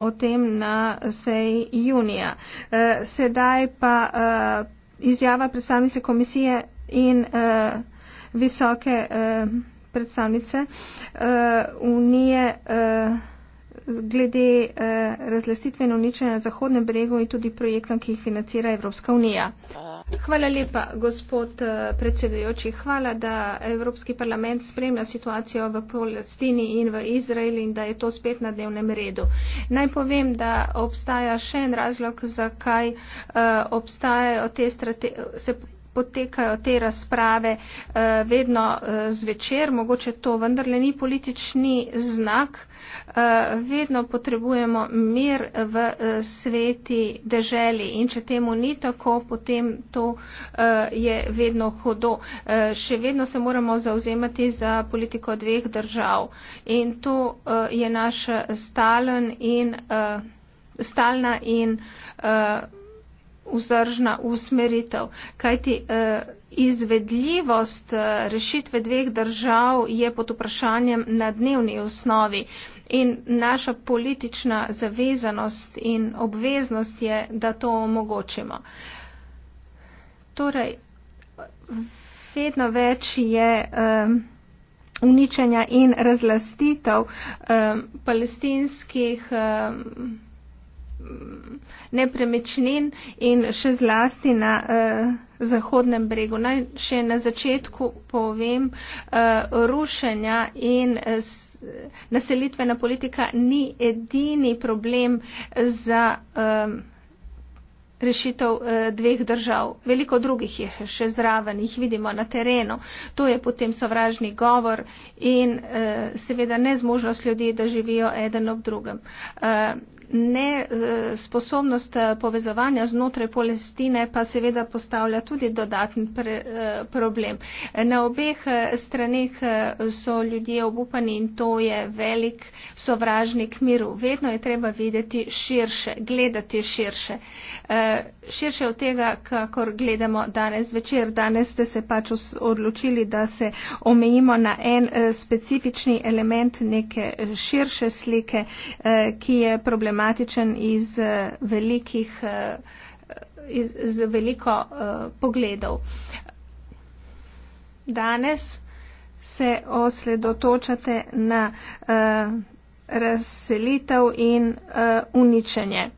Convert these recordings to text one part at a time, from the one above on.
o tem na seji junija. Eh, sedaj pa eh, izjava predstavnice komisije in eh, visoke predstavnice unije glede razlastitve in uničenja na Zahodnem bregu in tudi projektom, ki jih financira Evropska unija. Uh. Hvala lepa, gospod eh, predsedujoči. Hvala, da Evropski parlament spremlja situacijo v Palestini in v Izraeli in da je to spet na dnevnem redu. Naj povem, da obstaja še en razlog, zakaj uh, obstajajo te strategije potekajo te razprave eh, vedno eh, zvečer, mogoče to vendarle ni politični znak. Eh, vedno potrebujemo mir v sveti deželi in če temu ni tako, potem to je vedno hudo. Še vedno se moramo zauzemati za politiko dveh držav in to je naš stalen in stalna in uh, vzdržna usmeritev. Kajti eh, izvedljivost eh, rešitve dveh držav je pod vprašanjem na dnevni osnovi in naša politična zavezanost in obveznost je, da to omogočimo. Torej, vedno več je. Eh, uničenja in razlastitev eh, palestinskih eh, nepremičnin in še zlasti na uh, zahodnem bregu. Naj še na začetku povem, uh, rušenja in uh, naselitvena politika ni edini problem za uh, rešitev uh, dveh držav. Veliko drugih je še zraven, jih vidimo na terenu. To je potem sovražni govor in uh, seveda nezmožnost ljudi, da živijo eden ob drugem. Uh, nesposobnost eh, povezovanja znotraj Palestine pa seveda postavlja tudi dodatni eh, problem. Na obeh eh, straneh so ljudje obupani in to je velik sovražnik miru. Vedno je treba videti širše, gledati širše. Širše od tega, kakor gledamo danes večer. Danes ste se pač odločili, da se omejimo na en specifični element neke širše slike, ki je problematičen problematičen iz eh, velikih, eh, iz, iz veliko eh, pogledov. Danes se osredotočate na uh, razselitev in uh, uničenje.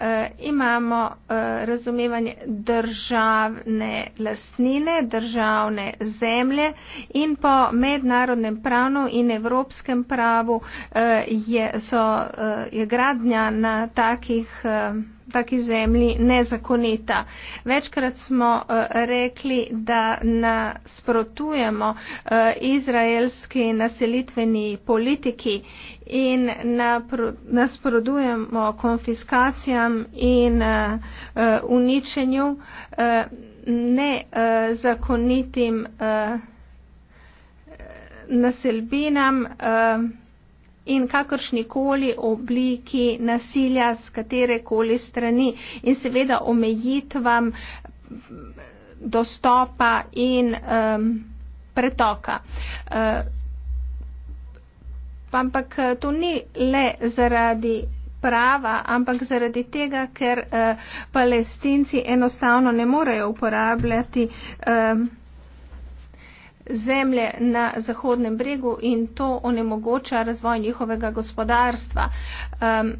Eh, imamo eh, razumevanje državne lastnine, državne zemlje in po mednarodnem pravu in evropskem pravu eh, je, so, je gradnja na takih taki zemlji nezakonita. Večkrat smo eh, rekli, da nasprotujemo eh, izraelski naselitveni politiki in nasprotujemo konfiskacijam in eh, uničenju nezakonitim naselbinam. Uh, in kakršnikoli obliki nasilja z katerekoli strani in seveda omejitvam dostopa in um, pretoka. Uh, ampak eh, to ni le zaradi prava, ampak zaradi tega, ker uh, palestinci enostavno ne morejo uporabljati um, zemlje na Zahodnem bregu in to onemogoča razvoj njihovega gospodarstva. Um,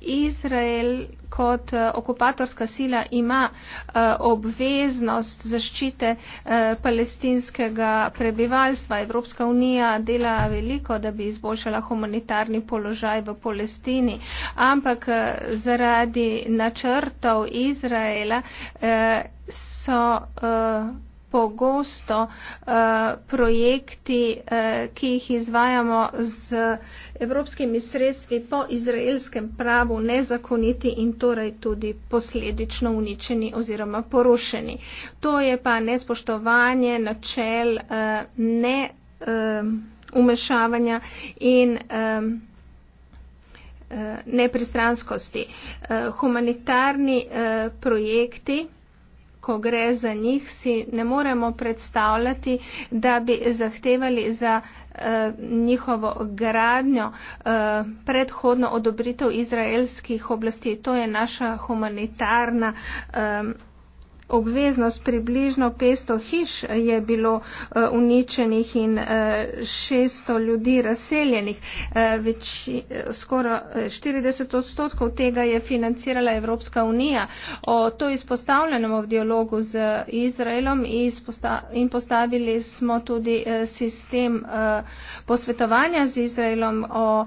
Izrael kot uh, okupatorska sila ima uh, obveznost zaščite uh, palestinskega prebivalstva. Evropska unija dela veliko, da bi izboljšala humanitarni položaj v Palestini, ampak zaradi načrtov Izraela so pogosto uh, projekti, uh, ki jih izvajamo z evropskimi sredstvi po izraelskem pravu nezakoniti in torej tudi posledično uničeni oziroma porušeni. To je pa nespoštovanje načel uh, ne um, umešavanja in um, uh, nepristranskosti. Uh, humanitarni uh, projekti, ko gre za njih, si ne moremo predstavljati, da bi zahtevali za eh, njihovo gradnjo, eh, predhodno odobritev izraelskih oblasti. To je naša humanitarna eh, obveznost približno 500 hiš je bilo eh, uničenih in 600 eh, ljudi razseljenih. Eh, več, skoro 40 odstotkov tega je financirala Evropska unija. O to izpostavljenemo v dialogu z Izraelom in postavili smo tudi sistem posvetovanja z Izraelom o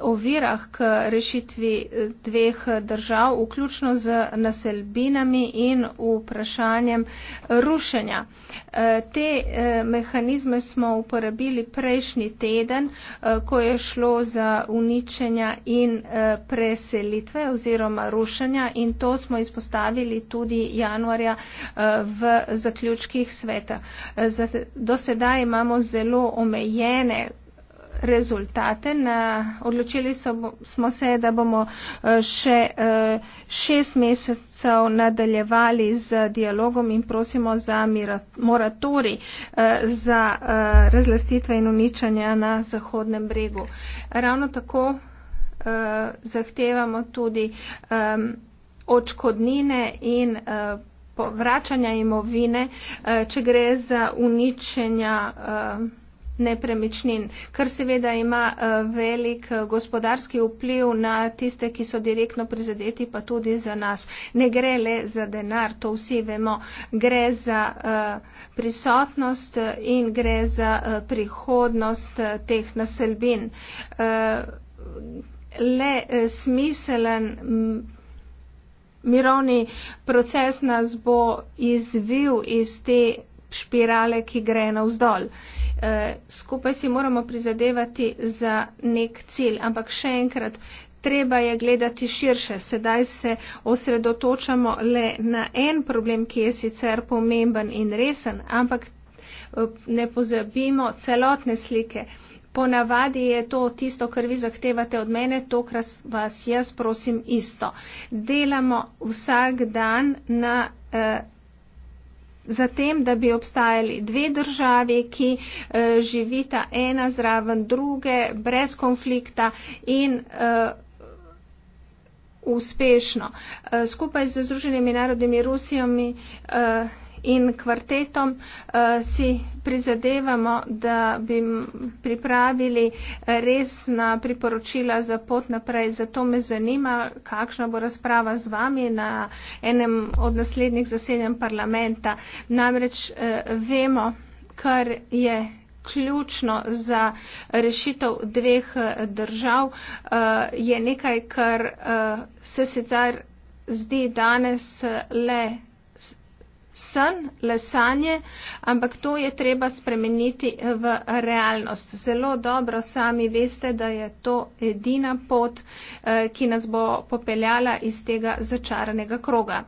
ovirah k rešitvi dveh držav, vključno z naselbinami in upravljanjem vprašanjem rušenja. E, te e, mehanizme smo uporabili prejšnji teden, e, ko je šlo za uničenja in preselitve oziroma rušenja in to smo izpostavili tudi januarja v zaključkih sveta. Do sedaj imamo zelo omejene rezultate. Na, odločili so, smo se, da bomo eh, še eh, šest mesecev nadaljevali z dialogom in prosimo za moratori eh, za razlastitve in uničanja na Zahodnem bregu. Ravno tako zahtevamo tudi očkodnine in povračanja imovine, če gre za uničenja nepremičnin, kar seveda ima eh, velik eh, gospodarski vpliv na tiste, ki so direktno prizadeti, pa tudi za nas. Ne gre le za denar, to vsi vemo, gre za eh, prisotnost in gre za prihodnost teh naselbin. Le smiselen mirovni proces nas bo izvil iz te špirale, ki gre navzdol eh, skupaj si moramo prizadevati za nek cilj. Ampak še enkrat, treba je gledati širše. Sedaj se osredotočamo le na en problem, ki je sicer pomemben in resen, ampak eh, ne pozabimo celotne slike. Ponavadi je to tisto, kar vi zahtevate od mene, tokrat vas jaz prosim isto. Delamo vsak dan na. Eh, za tem, da bi obstajali dve državi, ki eh, živita ena zraven druge, brez konflikta in eh, uspešno. Eh, skupaj z Združenimi narodimi Rusijami in kvartetom uh, si prizadevamo, da bi pripravili eh, resna priporočila za pot naprej. Zato me zanima, kakšna bo razprava z vami na enem od naslednjih zasedanj parlamenta. Namreč uh, vemo, kar je ključno za rešitev dveh držav, uh, je nekaj, kar uh, se sicer zdi danes le sen, le sanje, ampak to je treba spremeniti v realnost. Zelo dobro sami veste, da je to edina pot, eh, ki nas bo popeljala iz tega začaranega kroga.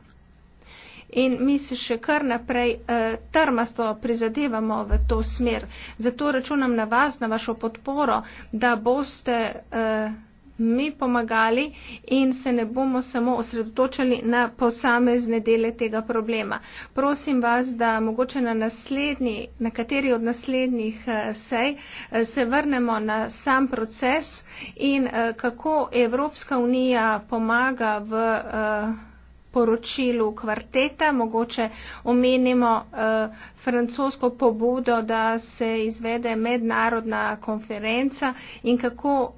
In mi se še kar naprej eh, trmasto prizadevamo v to smer. Zato računam na vas, na vašo podporo, da boste. Eh, mi pomagali in se ne bomo samo osredotočali na posamezne dele tega problema. Prosim vas, da mogoče na naslednji, na kateri od naslednjih eh, sej eh, se vrnemo na sam proces in eh, kako Evropska unija pomaga v poročilu kvarteta. Mogoče omenimo uh, francosko pobudo, da se izvede mednarodna konferenca in kako uh,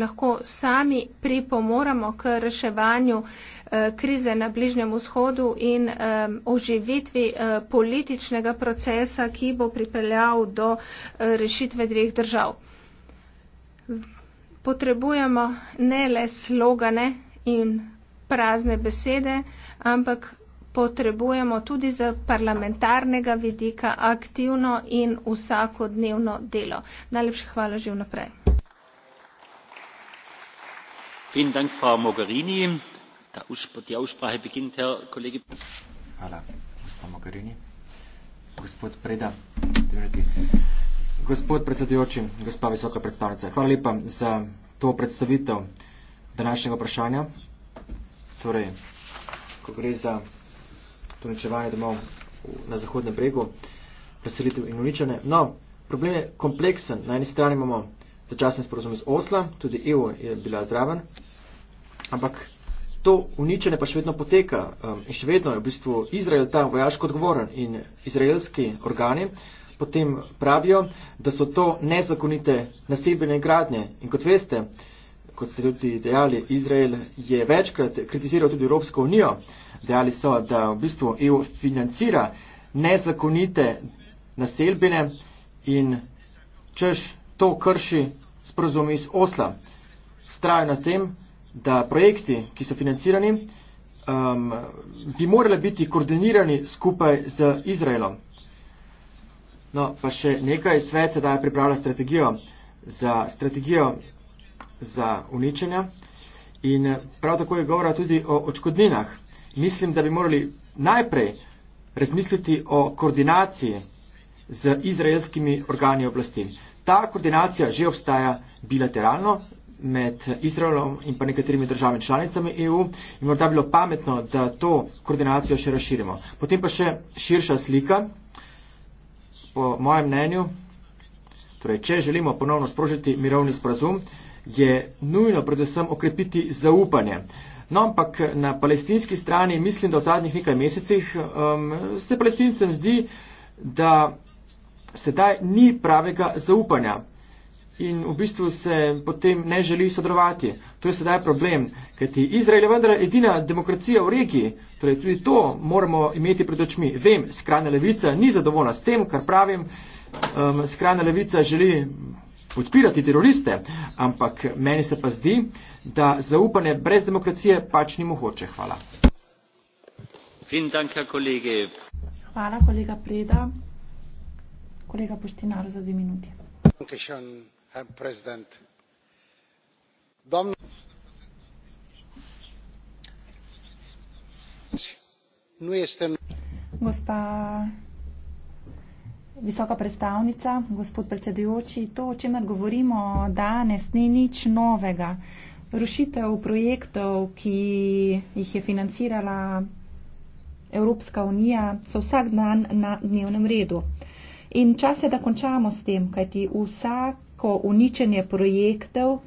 lahko sami pripomoramo k reševanju uh, krize na Bližnjem vzhodu in um, oživitvi uh, političnega procesa, ki bo pripeljal do uh, rešitve dveh držav. Potrebujemo ne le slogane in prazne besede, ampak potrebujemo tudi za parlamentarnega vidika aktivno in vsakodnevno delo. Najlepša hvala že vnaprej. Hvala, gospod Mogherini. Gospod Preda, držati. Gospod predsedujoči, gospa visoka predstavnica, hvala lepa za to predstavitev današnjega vprašanja torej, ko gre za tuničevanje domov na Zahodnem bregu, preselitev in uničene. No, problem je kompleksen. Na eni strani imamo začasni sporozum iz Osla, tudi EU je bila zdraven, ampak to uničenje pa še vedno poteka um, in še vedno je v bistvu Izrael ta vojaško odgovoren in izraelski organi potem pravijo, da so to nezakonite nasebene gradnje. In kot veste, kot ste tudi dejali, Izrael je večkrat kritiziral tudi Evropsko unijo. Dejali so, da v bistvu EU financira nezakonite naselbine in češ to krši sporozum iz Osla. Strajajo na tem, da projekti, ki so financirani, um, bi morali biti koordinirani skupaj z Izraelom. No, pa še nekaj, svet se daje pripravlja strategijo za strategijo za uničenja. In eh, prav tako je govora tudi o očkodninah. Mislim, da bi morali najprej razmisliti o koordinaciji z izraelskimi organi oblasti. Ta koordinacija že obstaja bilateralno med Izraelom in pa nekaterimi državami članicami EU in morda bilo pametno, da to koordinacijo še razširimo. Potem pa še širša slika, po mojem mnenju, torej če želimo ponovno sprožiti mirovni sporazum, je nujno predvsem okrepiti zaupanje. No, ampak na palestinski strani mislim, da v zadnjih nekaj mesecih um, se palestincem zdi, da sedaj ni pravega zaupanja in v bistvu se potem ne želi sodelovati. To je sedaj problem, kajti Izrael je vendar edina demokracija v regiji, torej tudi to moramo imeti pred očmi. Vem, skrajna levica ni zadovoljna s tem, kar pravim, um, skrajna levica želi podpirati teroriste, ampak meni se pa zdi, da zaupanje brez demokracije pač ni mogoče. Hvala. Dank, Hvala, kolega Preda. Kolega Poštinar za dve minuti. Gospa Visoka predstavnica, gospod predsedujoči, to, o čemer govorimo danes, ni nič novega. Rušitev projektov, ki jih je financirala Evropska unija, so vsak dan na dnevnem redu. In čas je, da končamo s tem, kajti vsako uničenje projektov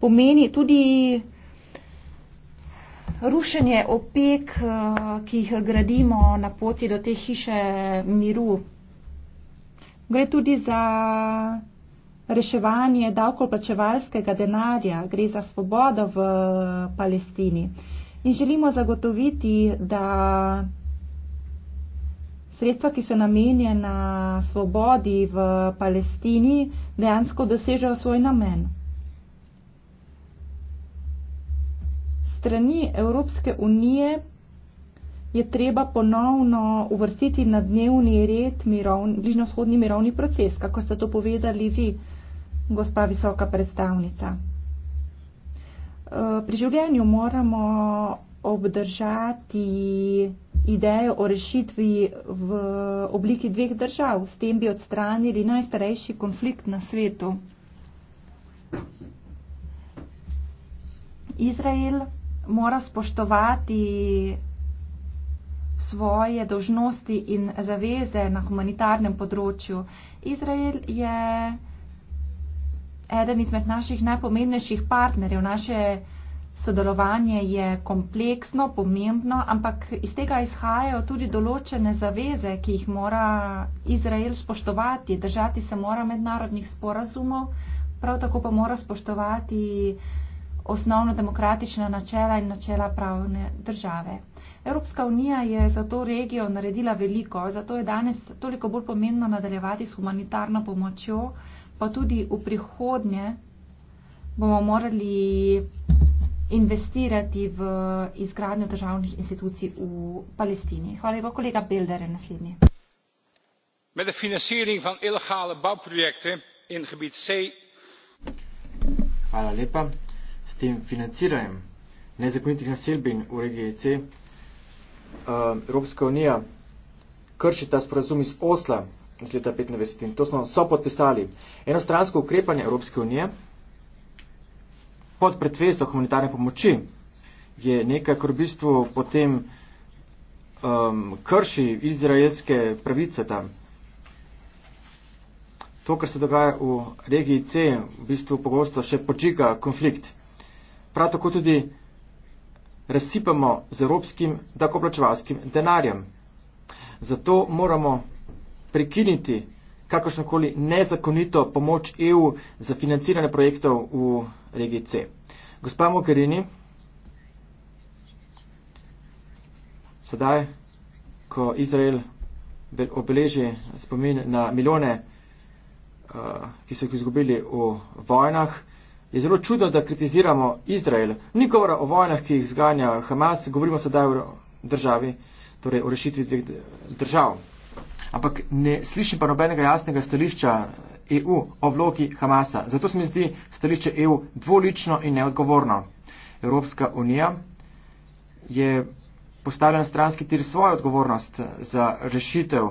pomeni tudi rušenje opek, eh, ki jih gradimo na poti do te hiše miru. Gre tudi za reševanje davkoplačevalskega denarja, gre za svobodo v eh, Palestini. In želimo zagotoviti, da sredstva, ki so namenjena svobodi v Palestini, dejansko dosežejo svoj namen. strani Evropske unije je treba ponovno uvrstiti na dnevni red bližnjo-vzhodni mirovni proces, kako ste to povedali vi, gospa visoka predstavnica. Eh, pri življenju moramo obdržati idejo o rešitvi v obliki dveh držav, s tem bi odstranili najstarejši konflikt na svetu. Izrael mora spoštovati svoje dožnosti in zaveze na humanitarnem področju. Izrael je eden izmed naših najpomembnejših partnerjev. Naše sodelovanje je kompleksno, pomembno, ampak iz tega izhajajo tudi določene zaveze, ki jih mora Izrael spoštovati. Držati se mora mednarodnih sporazumov, prav tako pa mora spoštovati osnovno demokratična načela in načela pravne države. Evropska unija je za to regijo naredila veliko, zato je danes toliko bolj pomembno nadaljevati s humanitarno pomočjo, pa tudi v prihodnje bomo morali investirati v izgradnjo državnih institucij v Palestini. Hvala lepa, kolega Belder je naslednji. Med financiranjem van ilegale bauprojekte in gebit C. Hvala lepa tem financiranjem nezakonitih naselbin v regiji C, eh, Evropska unija krši ta sporazum iz Osla iz leta 95 in to smo so podpisali. Enostransko ukrepanje Evropske unije pod pretveso humanitarne pomoči je nekaj, kar v bistvu potem um, krši izraelske pravice tam. To, kar se dogaja v regiji C, v bistvu pogosto še počika konflikt prav tako tudi razsipamo z evropskim dakoplačevalskim denarjem. Zato moramo prekiniti kakršnokoli nezakonito pomoč EU za financiranje projektov v regiji C. Gospa Mogherini, sedaj, ko Izrael obeleži spomin na milijone, eh, ki so jih izgubili v vojnah, Je zelo čudno, da kritiziramo Izrael. Ni govora o vojnah, ki jih zganja Hamas, govorimo sedaj o državi, torej o rešitvi dveh držav. Ampak ne slišim pa nobenega jasnega stališča EU o vlogi Hamasa. Zato se mi zdi stališče EU dvolično in neodgovorno. Evropska unija je postavljena na stranski tir svojo odgovornost za rešitev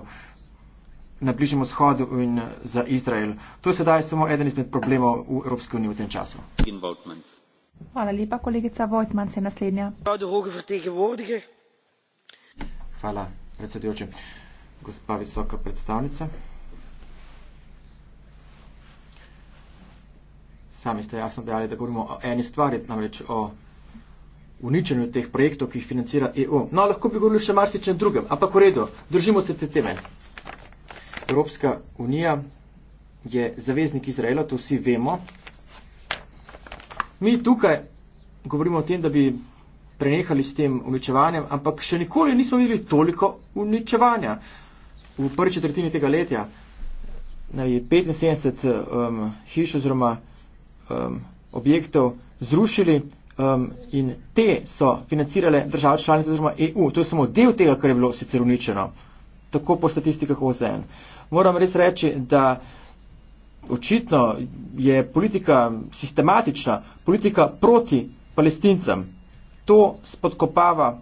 na bližnjem vzhodu in eh, za Izrael. To je sedaj samo eden izmed problemov v Evropski uniji v tem času. Hvala lepa, kolegica Vojtman, se naslednja. Hvala, predsedujoče. Gospa visoka predstavnica. Sami ste jasno dejali, da govorimo o eni stvari, namreč o uničenju teh projektov, ki jih financira EU. No, lahko bi govorili še marsičem drugem, ampak v redu, držimo se te teme. Evropska unija je zaveznik Izraela, to vsi vemo. Mi tukaj govorimo o tem, da bi prenehali s tem uničevanjem, ampak še nikoli nismo videli toliko uničevanja. V prvi četrtini tega letja je 75 um, hiš oziroma um, objektov zrušili um, in te so financirale države članice oziroma EU. To je samo del tega, kar je bilo sicer uničeno tako po statistikah OZN. Moram res reči, da očitno je politika sistematična, politika proti palestincem. To spodkopava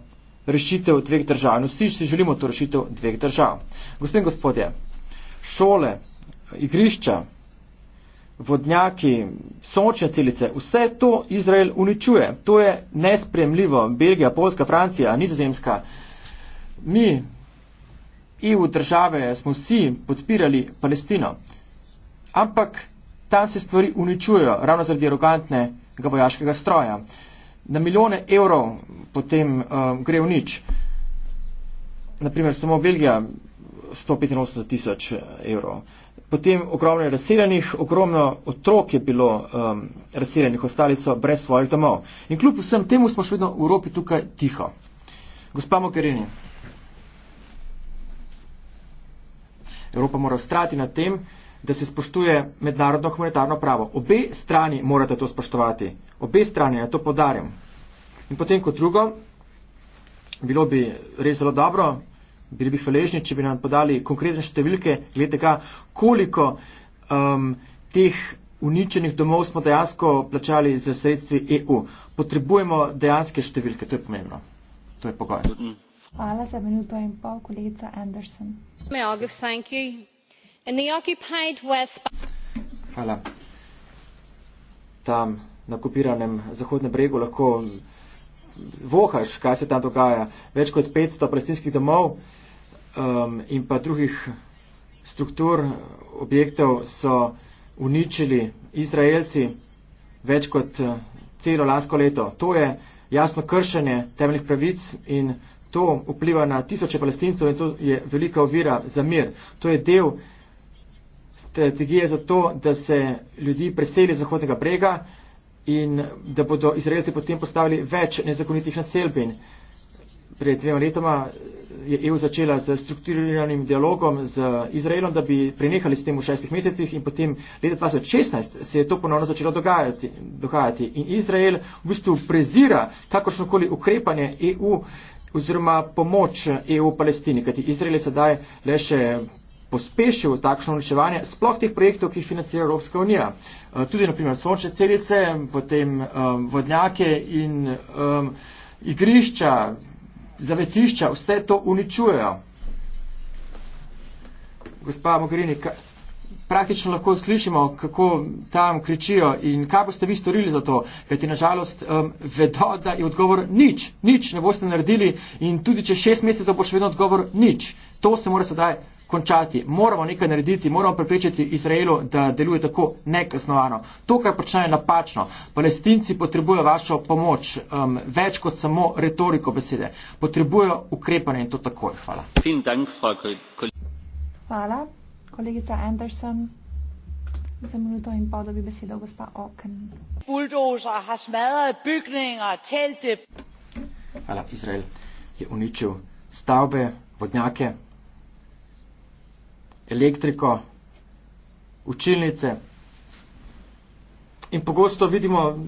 rešitev dveh držav. In vsi si želimo to rešitev dveh držav. Gospod in gospodje, šole, igrišča, vodnjaki, sončne celice, vse to Izrael uničuje. To je nespremljivo. Belgija, Polska, Francija, Nizozemska. Mi EU države smo vsi podpirali Palestino. Ampak tam se stvari uničujejo ravno zaradi arogantnega vojaškega stroja. Na milijone evrov potem um, gre v nič. Naprimer samo Belgija 185 tisoč eh, evrov. Potem ogromno je razseljenih, ogromno otrok je bilo um, razseljenih, ostali so brez svojih domov. In kljub vsem temu smo še vedno v Evropi tukaj tiho. Gospa Mogherini. Evropa mora ustrati na tem, da se spoštuje mednarodno humanitarno pravo. Obe strani morate to spoštovati. Obe strani, ja to podarjam. In potem kot drugo, bilo bi res zelo dobro, bili bi hvaležni, če bi nam podali konkretne številke, glede tega, koliko um, teh uničenih domov smo dejansko plačali za sredstvi EU. Potrebujemo dejanske številke, to je pomembno. To je pogoj. Mm -hmm tam na okupiranem zahodnem bregu lahko vohaš, kaj se tam dogaja. Več kot 500 palestinskih domov um, in pa drugih struktur, objektov so uničili Izraelci več kot uh, celo lansko leto. To je jasno kršenje temeljnih pravic in To vpliva na tisoče palestincev in to je velika ovira za mir. To je del strategije za to, da se ljudi preseli z Zahodnega brega in da bodo Izraelci potem postavili več nezakonitih naselbin. Pred dvema letoma je EU začela z strukturiranim dialogom z Izraelom, da bi prenehali s tem v šestih mesecih in potem leta 2016 se je to ponovno začelo dogajati. dogajati. In Izrael v bistvu prezira kakršnokoli ukrepanje EU oziroma pomoč EU Palestini, kajti Izrael je sedaj le še pospešil takšno uničevanje sploh teh projektov, ki jih financira Evropska unija. Eh, tudi naprimer sončne celice, potem um, vodnjake in um, igrišča, zavetišča, vse to uničujejo. Gospa Mogherini, praktično lahko slišimo, kako tam kričijo in kaj boste vi storili za to, ker ti nažalost um, vedo, da je odgovor nič, nič ne boste naredili in tudi če šest mesecev bo še vedno odgovor nič. To se mora sedaj končati. Moramo nekaj narediti, moramo prepričati Izraelu, da deluje tako nekasnovano. To, kar počnejo, je napačno. Palestinci potrebujejo vašo pomoč, um, več kot samo retoriko besede. Potrebujejo ukrepanje in to takoj. Hvala. Hvala. Kolegica Anderson, za minuto in pol dobi besedo gospa Oken. Buldozer har smadret bygninger, telte. Hvala, Izrael je uničil stavbe, vodnjake, elektriko, učilnice. In pogosto vidimo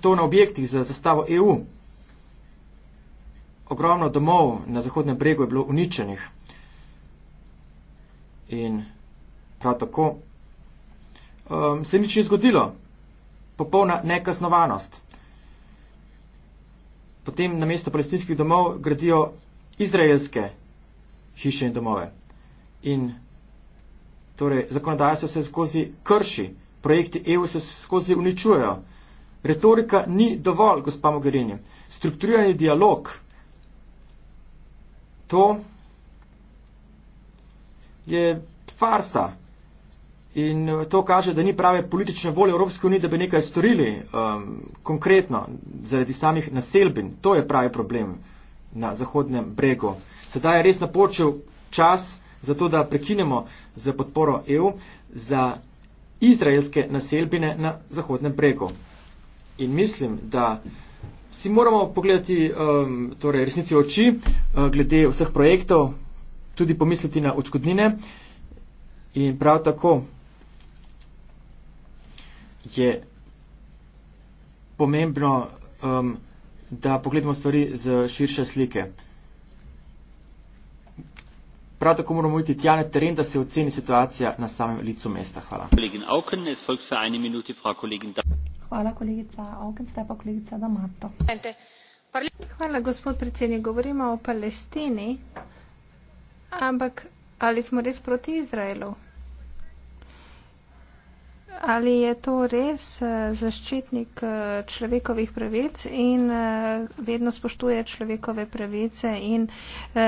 to na objektih za zastavo EU. Ogromno domov na Zahodnem bregu je bilo uničenih. In Prav tako um, se nič ni zgodilo, popolna nekasnovanost. Potem na mesto palestinskih domov gradijo izraelske hiše in domove. In torej, zakonodaja se vse skozi krši, projekti EU se vse skozi uničujejo. Retorika ni dovolj, gospa Mogherini. Strukturirani dialog, to je farsa. In eh, to kaže, da ni prave politične volje Evropske unije, da bi nekaj storili um, konkretno zaradi samih naselbin. To je pravi problem na Zahodnem bregu. Sedaj je res napočil čas za to, da prekinemo za podporo EU za izraelske naselbine na Zahodnem bregu. In mislim, da si moramo pogledati um, torej resnici v oči uh, glede vseh projektov, tudi pomisliti na očkodnine in prav tako je pomembno, um, da pogledamo stvari z širše slike. Prav tako moramo iti tja na teren, da se oceni situacija na samem licu mesta. Hvala. Hvala, kolegica Auken, zdaj pa kolegica Damato. Hvala, gospod predsednik. Govorimo o Palestini, ampak ali smo res proti Izraelu? ali je to res eh, zaščitnik eh, človekovih pravic in eh, vedno spoštuje človekove pravice in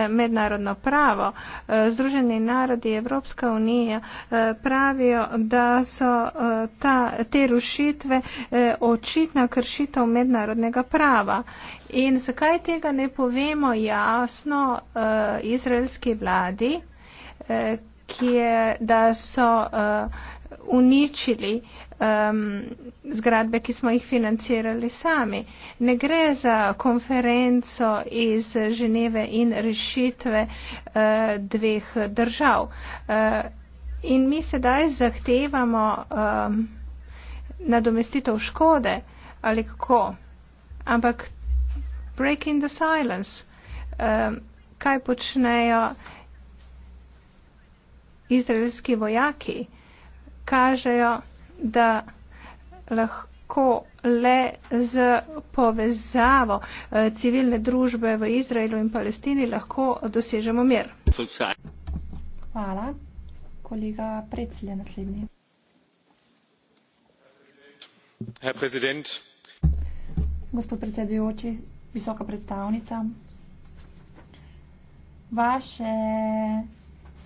mednarodno pravo. Združeni narodi, Evropska unija pravijo, da so ta, te rušitve očitna kršitev mednarodnega prava. In zakaj tega ne povemo jasno izraelski vladi, ki je, da so uh, uničili um, zgradbe, ki smo jih financirali sami. Ne gre za konferenco iz Ženeve in rešitve uh, dveh držav. Uh, in mi sedaj zahtevamo um, nadomestitev škode ali kako. Ampak breaking the silence, um, kaj počnejo izraelski vojaki? kažejo, da lahko le z povezavo eh, civilne družbe v Izraelu in Palestini lahko dosežemo mir. Hvala. Kolega predsedje naslednji. Herr Präsident. Gospod predsedujoči, visoka predstavnica. Vaše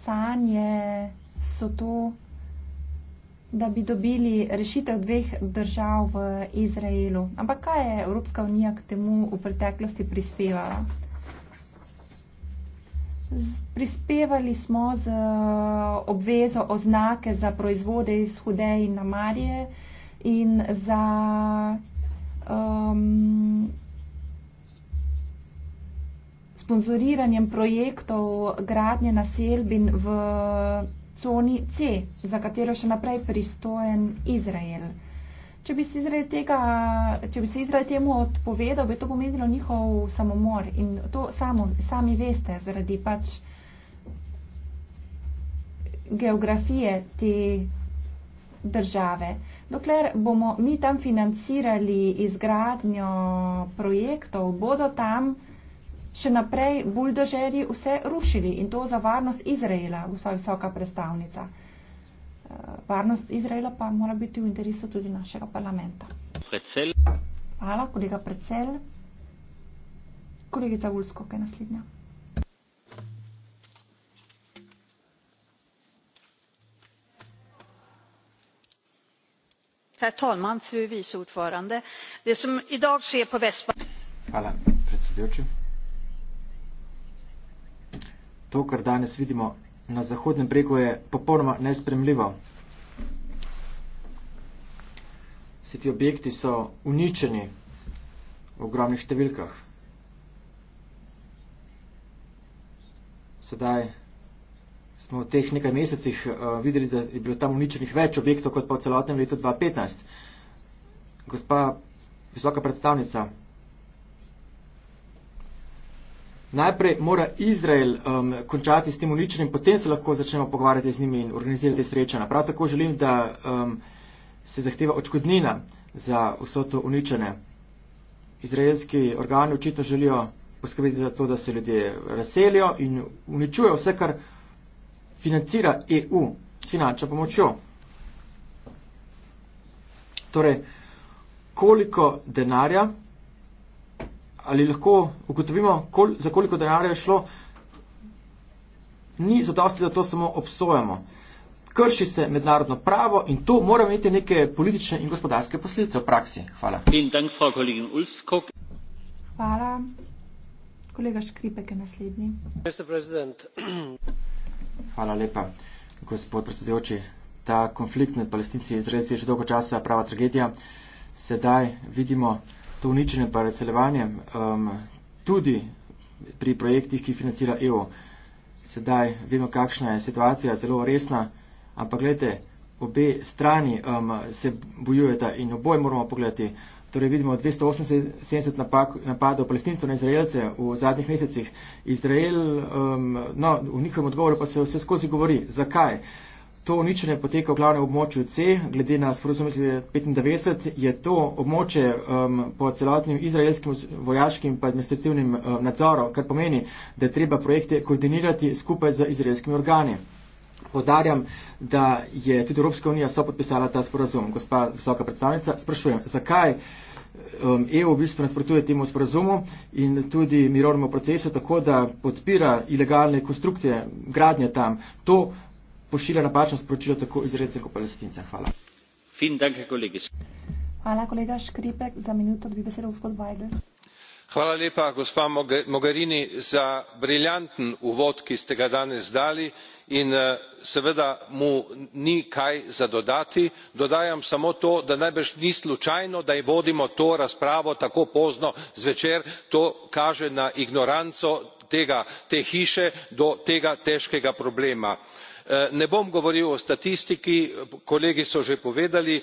sanje so tu da bi dobili rešitev dveh držav v Izraelu. Ampak kaj je Evropska unija k temu v preteklosti prispevala? Prispevali smo z obvezo oznake za proizvode iz Hudeje in Namarije in za um, sponzoriranjem projektov gradnje naselbin v coni C, za katero še naprej pristojen Izrael. Če bi, Izrael tega, če bi se Izrael temu odpovedal, bi to pomenilo njihov samomor in to samo, sami veste, zaradi pač geografije te države. Dokler bomo mi tam financirali izgradnjo projektov, bodo tam še naprej buldožeri vse rušili in to za varnost Izraela, gospod visoka predstavnica. Eh, varnost Izraela pa mora biti v interesu tudi našega parlamenta. Predsel. Hvala, kolega Predsel. Kolegica Ulsko, kaj naslednja? Herr talman, fru vice ordförande. Det som idag sker på Västbanken... Hvala, predsedujoči to, kar danes vidimo na zahodnem bregu, je popolnoma nespremljivo. Vsi ti objekti so uničeni v ogromnih številkah. Sedaj smo v teh nekaj mesecih eh, videli, da je bilo tam uničenih več objektov kot pa v celotnem letu 2015. Gospa visoka predstavnica, Najprej mora Izrael um, končati s tem uničenjem, potem se lahko začnemo pogovarjati z njimi in organizirati srečanja. Prav tako želim, da um, se zahteva očkodnina za vso to uničenje. Izraelski organi očitno želijo poskrbeti za to, da se ljudje razselijo in uničujejo vse, kar financira EU s finančno pomočjo. Torej, koliko denarja ali lahko ugotovimo, kol, za koliko denarja je šlo, ni zadosti, da to samo obsojamo. Krši se mednarodno pravo in to mora imeti neke politične in gospodarske posledice v praksi. Hvala. Dank, Hvala. Kolega Škripek je naslednji. Hvala lepa, gospod predsedujoči. Ta konflikt med palestinci in izraelci je že dolgo časa prava tragedija. Sedaj vidimo, to uničenje pa razseljevanje, um, tudi pri projektih, ki financira EU. Sedaj vemo, kakšna je situacija, zelo resna, ampak gledajte, obe strani um, se bojujeta in oboj moramo pogledati. Torej vidimo 278 napadov palestincev na izraelce v zadnjih mesecih. Izrael, um, no, v njihovem odgovoru pa se vse skozi govori, zakaj. To uničenje poteka v glavnem območju C, glede na sporozum iz 95, je to območje um, po celotnim izraelskim vojaškim in administrativnim um, nadzorom, kar pomeni, da treba projekte koordinirati skupaj z izraelskimi organi. Podarjam, da je tudi Evropska unija so podpisala ta sporozum. Gospa visoka predstavnica, sprašujem, zakaj um, EU v bistvu nasprotuje temu sporozumu in tudi mirovnemu procesu tako, da podpira ilegalne konstrukcije, gradnje tam. To pošilja napačno sporočilo tako izredce kot palestince. Hvala. Fin, danke, Hvala, kolega Škripek. Za minuto dobi besedo gospod Vajdel. Hvala lepa, gospa Mogarini, za briljanten uvod, ki ste ga danes dali in eh, seveda mu ni kaj za dodati. Dodajam samo to, da najbrž ni slučajno, da vodimo to razpravo tako pozno zvečer. To kaže na ignoranco tega, te hiše do tega težkega problema. Eh, ne bom govoril o statistiki kolegi so že povedali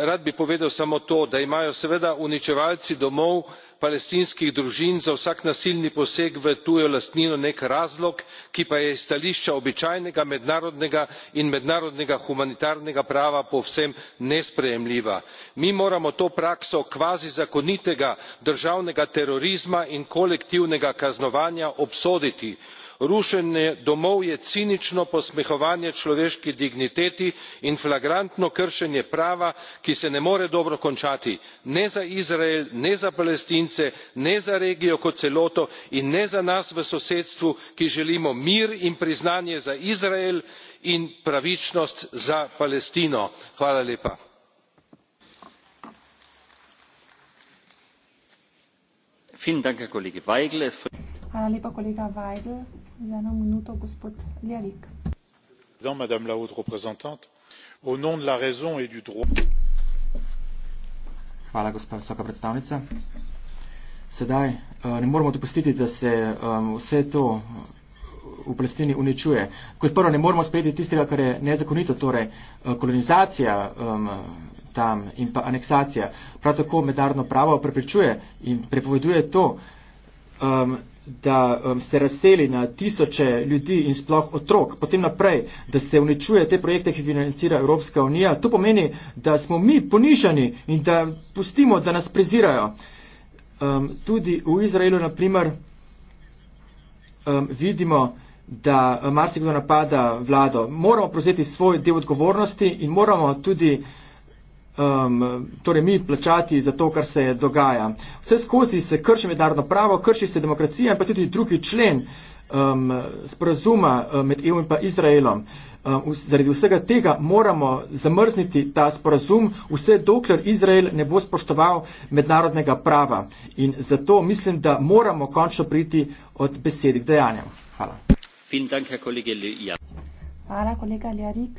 rad bi povedal samo to da imajo seveda uničevalci domov palestinskih družin za vsak nasilni poseg v tujo lastnino nek razlog ki pa je s stališča običajnega mednarodnega in mednarodnega humanitarnega prava povsem nesprejemljiva. mi moramo to prakso kvazi zakonitega državnega terorizma in kolektivnega kaznovanja obsoditi rušenje domov je cinično posmehovanje človeški digniteti in flagrantno kršenje prava ki se ne more dobro končati ne za izrael ne za palestince ne za regijo kot celoto in ne za nas v sosedstvu ki želimo mir in priznanje za izrael in pravičnost za palestino. Hvala lepa, kolega Vajdel. Za eno minuto, gospod Ljarik. Hvala, gospa visoka predstavnica. Sedaj eh, ne moremo dopustiti, da se eh, vse to eh, v Palestini uničuje. Kot prvo, ne moremo sprejeti tistega, kar je nezakonito, torej kolonizacija tam in pa aneksacija. Prav tako mednarodno pravo preprečuje in prepoveduje to da um, se razseli na tisoče ljudi in sploh otrok, potem naprej, da se uničuje te projekte, ki financira Evropska unija, to pomeni, da smo mi ponižani in da pustimo, da nas prezirajo. Um, tudi v Izraelu, na primer, um, vidimo, da marsikdo napada vlado. Moramo prevzeti svoj del odgovornosti in moramo tudi um, torej mi plačati za to, kar se dogaja. Vse skozi se krši mednarodno pravo, krši se demokracija in pa tudi drugi člen um, sporazuma um, med EU in pa Izraelom. Um, zaradi vsega tega moramo zamrzniti ta sporazum, vse dokler Izrael ne bo spoštoval mednarodnega prava. In zato mislim, da moramo končno priti od besed k dejanjem. Hvala. Dank, ja. Hvala, kolega Ljarik.